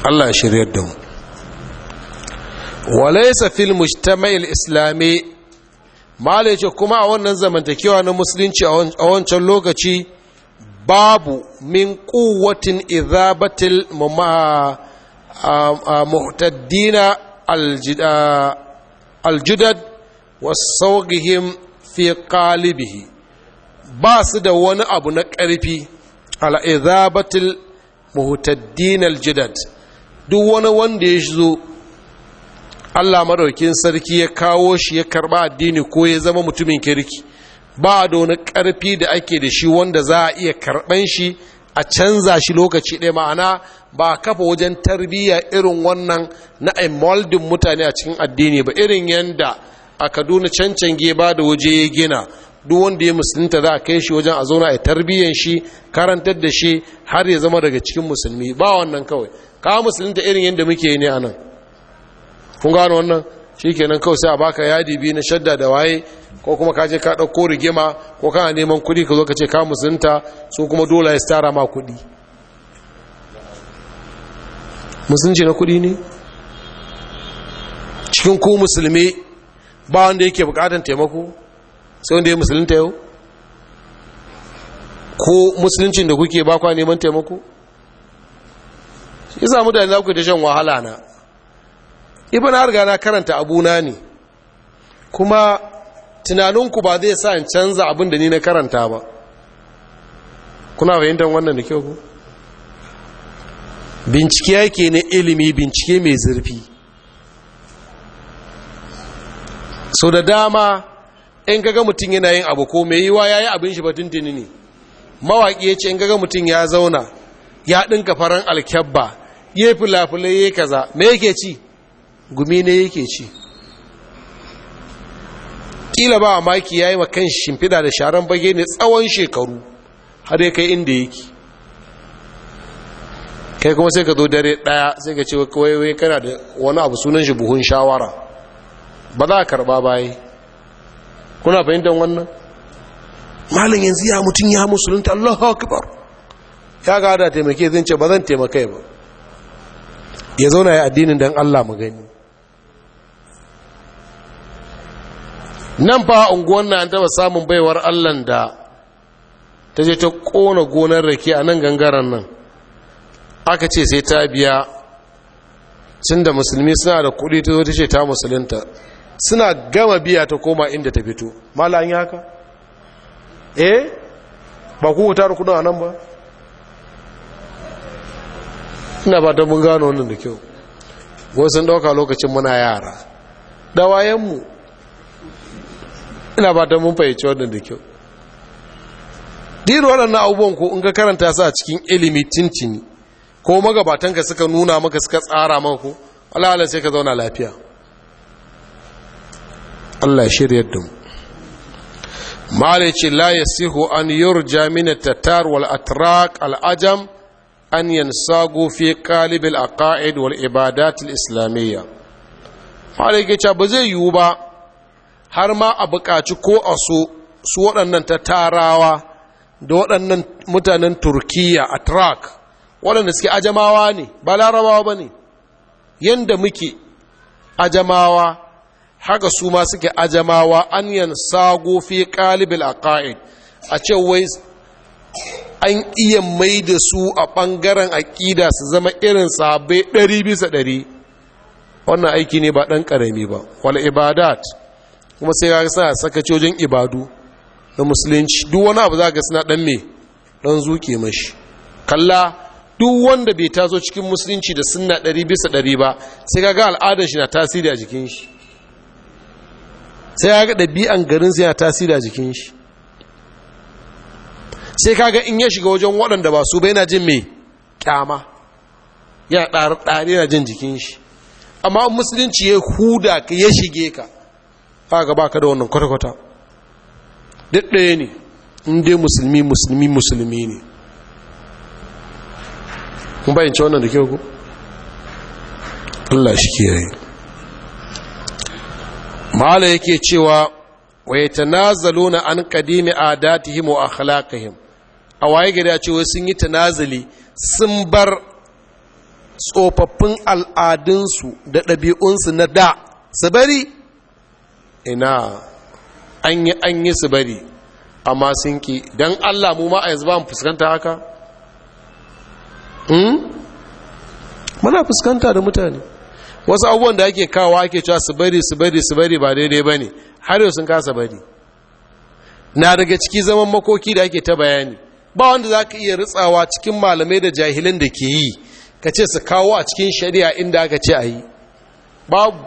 Allah ya shirya da mu walaisa fil mujtama'il islami da kuma a wannan zamantakewa na musulunci a wancan lokaci babu min kuwatin izabatil muhtaddina aljudad wasauƙihim fi ƙalibihi ba su da wani abu na ƙarfi al'izabatil muhutaddin aljidad duk wani wanda ya zo Allah madaukin sarki ya kawo shi ya karɓa addini ko ya zama mutumin kirki ba da wani ƙarfi da ake da shi wanda za a iya karɓan shi a canza shi lokaci ɗaya ma'ana ba a kafa wajen tarbiyya irin wannan na moldin mutane a cikin addini ba irin yadda a kaduna cancange ba da waje ya gina duk wanda ya musulunta za a kai shi wajen a zauna a tarbiyyan shi karantar da shi har ya zama daga cikin musulmi ba wannan kawai ka musulunta irin yadda muke ne a nan kun wannan shi kenan kawai sai a baka yadi biyu na shadda da waye ko kuma ka ka ɗauko rigima ko kana neman kuɗi ka zo ka ce ka musulunta su kuma dole ya tara ma kuɗi musulunci na kuɗi ne cikin ku musulmi ba wanda yake bukatan taimako sai wanda ya musulunta yau ko musuluncin da kuke bakwa neman taimako shi samu da za ku ta shan wahala na ibana harga na karanta abuna ne kuma tunaninku ba zai sa in canza abin da ni na karanta ba kuna fahimtar wannan da kyau ku bincike yake na ilimi bincike mai zurfi so da dama in gaga mutum yana yin abu ko mai yiwa yi abin shi batun tini ne ya yace in gaga mutum ya zauna ya dinka faran alkyabba ya fulafula ya kaza me yake ci gumi ne yake ci Ƙila ba maki yi wa kan shimfida da sharan bage ne tsawon shekaru har ya kai inda yake kai kuma sai ka zo dare ɗaya sai ka ce wai kana da wani abu sunan shi buhun shawara ba za a karɓa baye kuna fahimtar wannan malin yanzu ya mutum ya musulunta allahu akbar ya ga da taimake zan ce ba zan taimake ba ya zauna ya addinin don allah mu gani nan fa unguwan na an taba samun baiwar allan da ta je ta kona gonar rake a nan gangaren nan aka ce sai ta biya sun da musulmi suna da kudi ta zo ta ce ta musulunta suna gama biya ta koma inda ta fito malayin ya haka eh ba ku tara kudin a nan ba ina ba don mun gano wannan da kyau wasu ɗauka lokacin muna yara dawayenmu ina ba don mun fahimci wannan da kyau diru waɗannan abubuwan ko in ka karanta su a cikin ilimi tintini ko magabatanka suka nuna maka suka tsara maku. ko sai ka zauna lafiya Allah shirya da mu mala ce la yasihu an yurja min tatar wal atrak al'ajam, ajam an yansagu fi qalib al aqaid wal ibadat al islamiyya mala ce ba zai yiwu ba har ma a buƙaci ko a so su waɗannan tatarawa da waɗannan mutanen turkiya atrak waɗanda suke ajamawa ne ba larabawa ba ne yadda muke ajamawa haka su ma suke ajamawa an sago fi qalibul aqaid a ce wai an iya mai da su a ɓangaren aƙida su zama irin sabai ɗari bisa ɗari wannan aiki ne ba ɗan ƙarami ba wal ibadat kuma sai kaga suna sakacojin ibadu na musulunci duk wani abu za ga suna ɗan me ɗan zuke mashi kalla duk wanda bai taso cikin musulunci da sunna ɗari bisa ɗari ba sai ga al'adar shi na tasiri a jikin shi sai ya ga ɗabi'an garin ya tasiri a jikin shi sai kaga in ya shiga wajen waɗanda ba su bai na jin mai kyama ya ɗari na jin jikin shi amma musulunci ya huda ka ya shige ka ga ba ka da wannan kwata-kwata duk ɗaya ne in dai musulmi musulmi musulmi ne bayan wannan da kyau ku Allah shi ke mala yake cewa wa yatanazaluna an qadimi adatihim wa akhlaqihim a waye gari a cewa sun yi tanazali sun bar tsofaffin al'adunsu da ɗabi'unsu na da su bari ina an yi an yi su bari amma sun ki don allah mu ma a yanzu ba mu fuskanta haka hmm? muna fuskanta da mutane wasu abubuwan da ake kawo ake cewa su bari su bari su bari ba daidai ba ne har yau sun kasa bari na daga ciki zaman makoki da ake ta bayani ba wanda za ka iya ritsawa cikin malamai da jahilin da ke yi ka ce su kawo a cikin shari'a inda aka ce a yi babu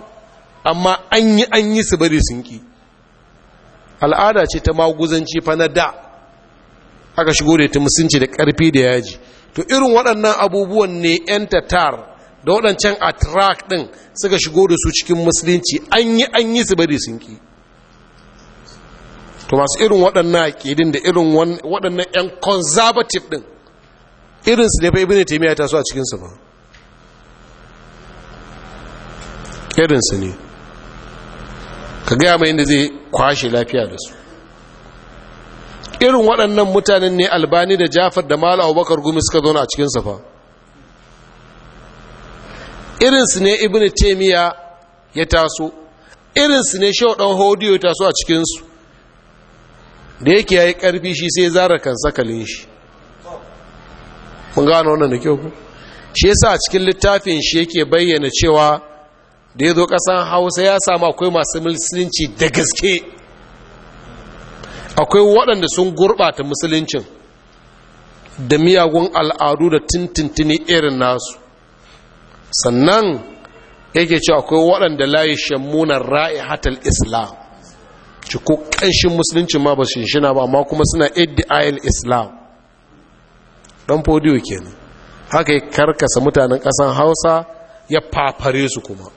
amma an yi an yi su bari sun ki al'ada ce ta maguzanci fa na da aka shigo da ta musunci da ƙarfi da yaji to irin waɗannan abubuwan ne 'yan tatar da waɗancan atrak ɗin suka shigo da su cikin musulunci an yi an yi su bari sun ki to masu irin waɗannan aƙidin da irin waɗannan 'yan conservative ɗin irinsu ne fa ibi ne taimiyya ta su a cikinsu ba irinsu ne ka gaya mai inda zai kwashe lafiya da su irin waɗannan mutanen ne albani da jafar da mala abubakar gumi suka zauna a cikinsu fa irinsu ne ibn Taimiyya ya taso irinsu ne shaudan hodiyo ya taso a cikinsu da yake ya yi ƙarfi shi sai zara kan sakalin shi mun gano wannan da kyau ku shi yasa a cikin littafin shi yake bayyana cewa da ya zo ƙasan hausa ya samu akwai masu musulunci da gaske akwai waɗanda sun gurɓata musuluncin da miyagun al'adu da tintintini irin nasu sannan yake cewa akwai waɗanda layi shammunan ra'i hatal islam ci ko ƙanshin musulunci ma ba su shina ba amma kuma suna iddi iddi'ayil islam podiyo ke ne haka yi karkasa mutanen ƙasan hausa ya fafare su kuma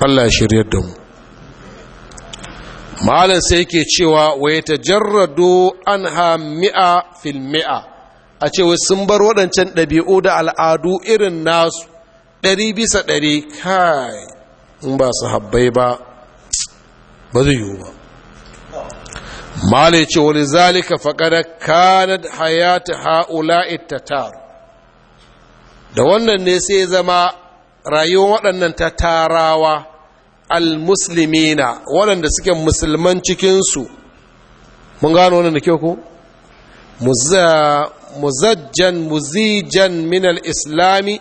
allah ya shiryar da mu ma'alin sai yake cewa wa ya jarrado an ha mi'a fil mi'a a ce sun bar waɗancan ɗabi'u da al'adu irin nasu ɗari bisa ɗari kai in ba su habbai ba ba zai yiwu ba malai ce wani zalika faƙada kanad hayata ha'ula tatar da wannan ne sai zama rayuwar waɗannan ta tarawa al-musulmina waɗanda suke musulman cikinsu mun gano wannan da kyau ko muzajjan muzijan minal islami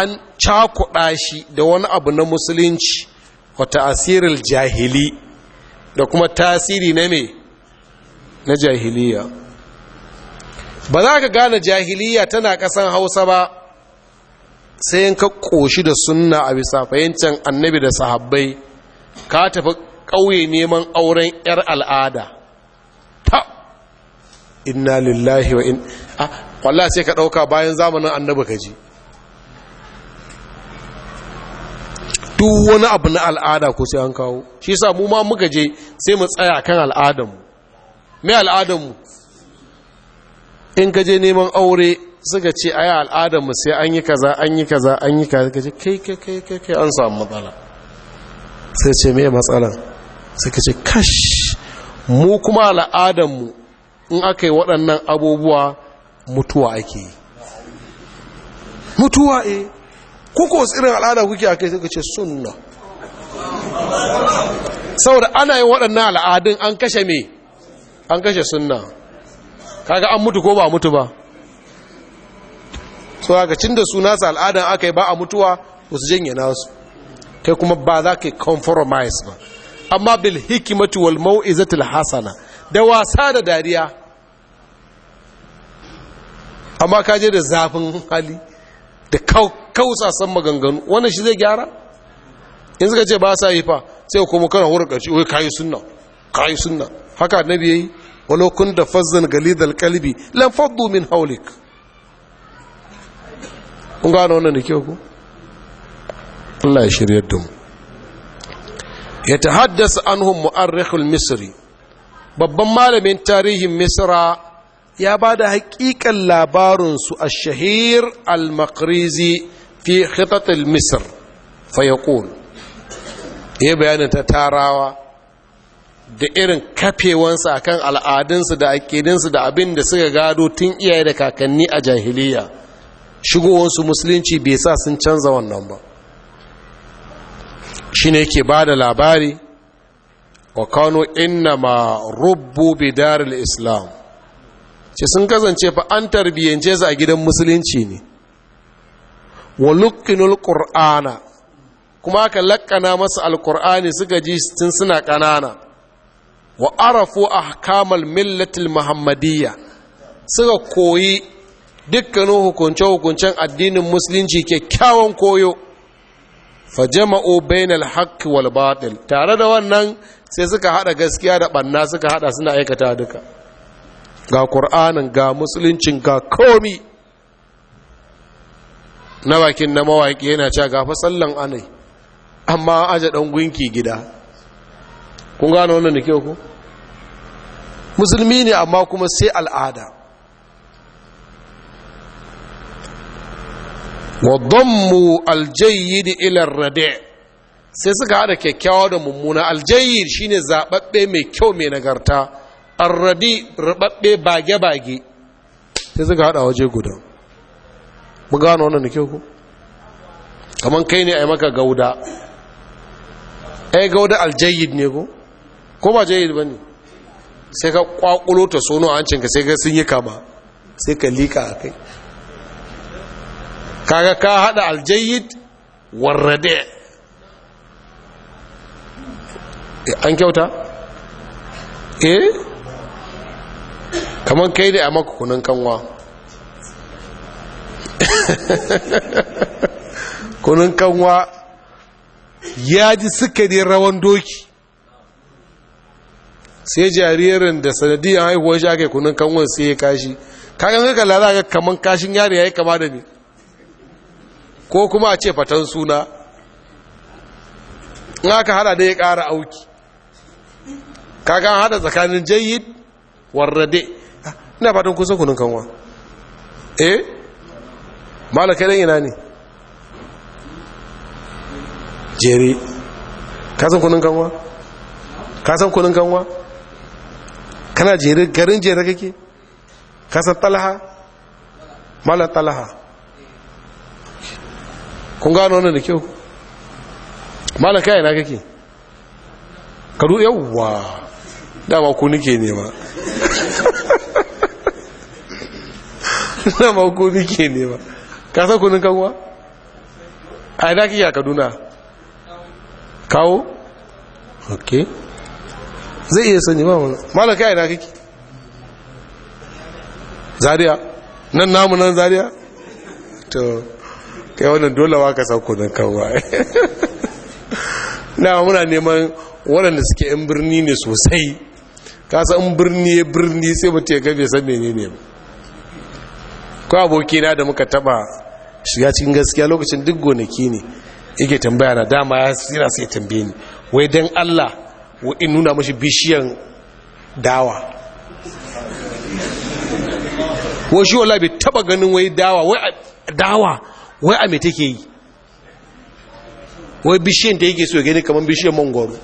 an cakuɗa shi da wani abu na musulunci wata ta'asirin jahili da kuma tasiri na me na jahiliya ba za ka gane jahiliya tana ƙasan hausa ba sai ka ƙoshi da sunna a bisa fahimtar annabi da sahabbai ka tafi ƙauye neman auren 'yar al'ada inna lillahi wa in ah wallahi sai ka dauka bayan zamanin annabi kaji duk wani abu na al'ada ko sai an kawo shi yasa mu ma muka je sai mu tsaya kan al'adan mu me al'adan mu in ka je neman aure suka ce ayi al'adan mu sai an yi kaza an yi kaza an yi kaza kaje kai kai kai kai kai an samu matsala sai ce me matsalan suka ce kash mu kuma al'adan mu in aka yi waɗannan abubuwa mutuwa ake yi mutuwa e eh. kuka wasu irin al'ada kuke a kai suka ce sunna saboda ana yi waɗannan al'adun an kashe me an kashe sunna kaga an mutu ko ba mutu ba so haka cin da suna su al'adun aka yi ba a mutuwa wasu janye nasu kai kuma ba za ka yi compromise ba amma bil hikimatu wal mau'izatul hasana da wasa da dariya amma ka je da zafin hali da kausasan maganganu wannan shi zai gyara in suka ce ba sa yi fa sai kuma kana wuri ƙarshe wai kayi sunna kayi sunna haka na biyayi walau kun da fazzan galidal kalbi lan faddu min haulik kun gano wannan da kyau ku Allah ya shirya da mu ya an anhum mu'arrikhul misri babban malamin tarihin misra ya ba da haƙiƙan labarinsu a shahir al-makrizi fi khitatul misr fayakun ya bayanin ta tarawa da irin kafewansa akan al'adunsu da aƙidinsu da abin da suka gado tun iyaye da kakanni a jahiliya shigowansu musulunci bai sa sun canza wannan ba shi ne ke ba da labari wa kano innama rubbu bidaril islam ce sun kasance fa an tarbiyyance su a gidan musulunci ne wa luqinul qur'ana kuma aka lakkana masa alqur'ani suka ji tun suna kanana wa arafu ahkamal millatil muhammadiyya suka koyi dukkanin hukunce-hukuncen addinin musulunci kyakkyawan koyo jama'u bainal haqqi wal batil tare da wannan sai suka hada gaskiya da banna suka hada suna aikata duka ga ƙur'anin ga musuluncin ga komi na bakin na mawaƙi yana cewa ga sallan anai amma aje ɗan gunki gida kun gano wannan da kyau ku musulmi ne amma kuma sai al'ada wa dammu aljayyid ila radi' sai suka hada kyakkyawa da mummuna aljayyir shine zaɓaɓɓe mai kyau mai nagarta Arrabi raɓaɓɓe bage bage sai suka hada waje guda mun gano wannan da kyau ko Kamar kai ne ai maka gauda ai gauda aljayyid ne ko ko ba ba ne? sai ka ƙwaƙulo ta sono hancinka sai ka sun yi kama sai ka lika a kai kaga ka hada aljayyid warrade an kyauta eh kamar kai da a maka kunin kanwa <laughs> kunan kanwa ya ji sukari rawan doki sai jaririn da sanadiyar haihuwar shi aka yi kunan kanwa sai ya kashi kakan suka lalata kamar kashin yari ya yi kama da ne ko kuma a ce fatan suna in aka hada da ya kara auki kaga hada tsakanin jayyid warrade ina fatan kusa kunun kanwa eh malaka dan ina ne jeri ka san kunun kanwa ka san kunun kanwa kana jeri garin jeri kake ka san talaha mala talaha kun gano wannan da kyau malaka ina kake karu yawwa dama ku nike nema dama ku nike nema ka san kunin kanwa a ina kike a kaduna kawo ok zai iya sani ba wani malaka a ina kike zaria nan namu nan zaria to kai wannan dole wa ka sauko kunin kawo na <laughs> muna neman waɗanda suke 'yan birni ne sosai ka san birni birni sai mutum ya gabe san menene ba ko abokina da muka taba shiga cikin gaskiya lokacin duk gonaki ne yake tambaya na dama ya tsira sai tambaye ni wai dan Allah wa in nuna mashi bishiyan dawa wai shi wallahi bai taba ganin wai dawa wai dawa wai a me take yi wai bishiyan da yake so gani kamar bishiyan mangoro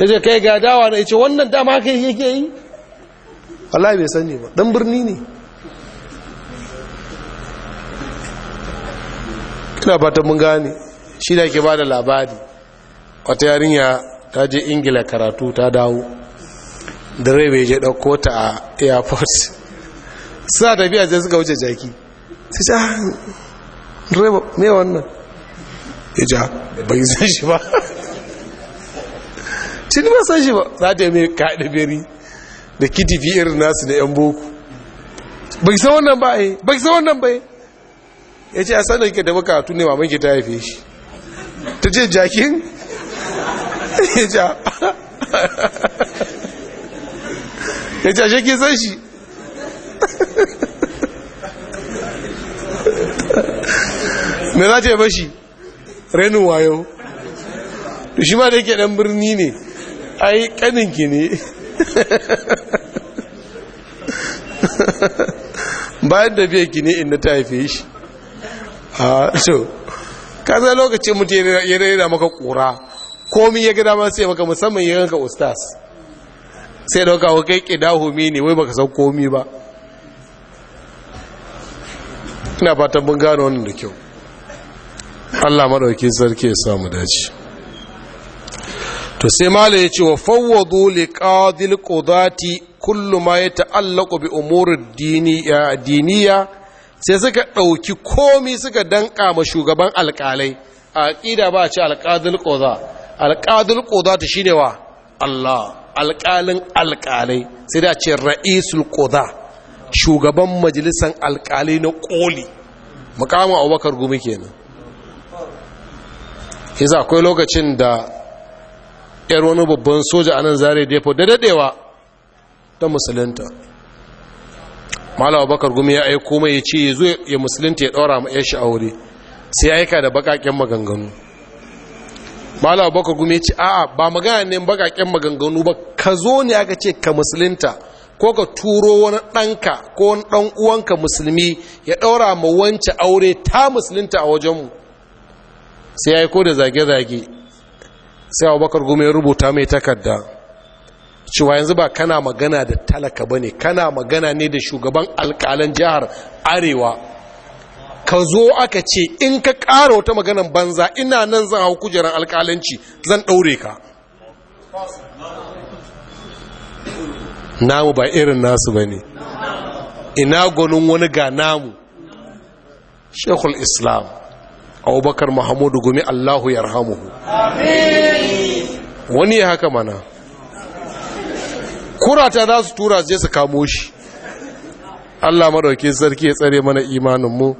na je kai ga dawa na ce wannan dama kai yake yi wallahi bai sani ba dan birni ne Kina fata mun gane shi da ke bada labari wata yarinya ta je ingila karatu ta dawo direba ya je ɗauko ta a airport sa <laughs> tafiya sai suka wuce jaki sai ta ah, direba mai wannan ya ja ah, bai zai shi ba <laughs> shi ba san shi ba za ta yi mai kaɗa beri da fi irin nasu da yan boko ba san wannan ba yi eh. ba san wannan ba yi eh. ya ce a sanar ke da makatu ne mamanki ta haife shi ta ce jakin <laughs> ya ce <laughs> ya ce a shakin san shi <laughs> me za ta yi mashi renin wayo shi ma da yake dan birni ne ai kaninki ne bayan da biya ki ne inda ta haife shi a so kaza lokacin mutu ya raina maka kura komi ya gada masu sai maka musamman ya ranka ustaz sai da kawo kai kidahumi ne wai baka san komi ba ina fatan mun gano wannan da kyau Allah maɗauki sarki ya samu dace to sai mala ya ce wa fawwadu li qadil qudati kullu ma yata'allaqu bi umuri diniya diniya sai suka dauki komi suka danka ma shugaban alkalai a kida ba ce alqadil qudza alqadil qudati shine wa Allah alkalin alkalai sai da ce ra'isul qudza shugaban majalisan alkalai na koli mukamin abubakar gumi kenan kisa akwai lokacin da 'yar wani babban soja a nan zare depo da dadewa ta musulunta malawa bakar gumi ya aiko mai ya ce ya zo ya musulunta ya daura ma 'yar shi aure sai ya aika da bakaken maganganu malawa bakar gumi ya ce a'a ba magana ne bakaken maganganu ba ka zo ne aka ce ka musulunta ko ka turo wani ɗanka ko wani ɗan uwanka musulmi ya daura ma wance aure ta musulunta a wajenmu sai ya aiko da zage-zage sai abubakar goma ya rubuta mai takarda cewa yanzu ba kana magana da talaka ba ne kana magana ne da shugaban alkalan jihar arewa ka zo aka ce in ka ƙara wata maganan banza ina nan zan hau kujerar alkalanci zan ɗaure ka namu ba irin nasu ba ne ina gwanin wani ga namu shekul islam abubakar mahamudu gumi allahu ya rahamuhu wani ya haka mana kurata za su tura je su kamo shi allah maɗauki sarki ya tsare mana imaninmu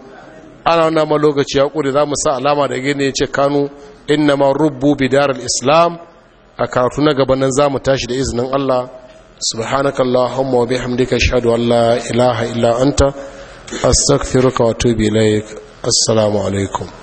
ana wana ma lokaci ya ƙuri za mu sa alama da gini ya ce kanu inna ma rubu bidar islam a karatu na gabanin za mu tashi da izinin allah subhanakallahumma wa bihamdika ashhadu an Allah. ilaha illa anta astaghfiruka wa ilaik assalamu alaikum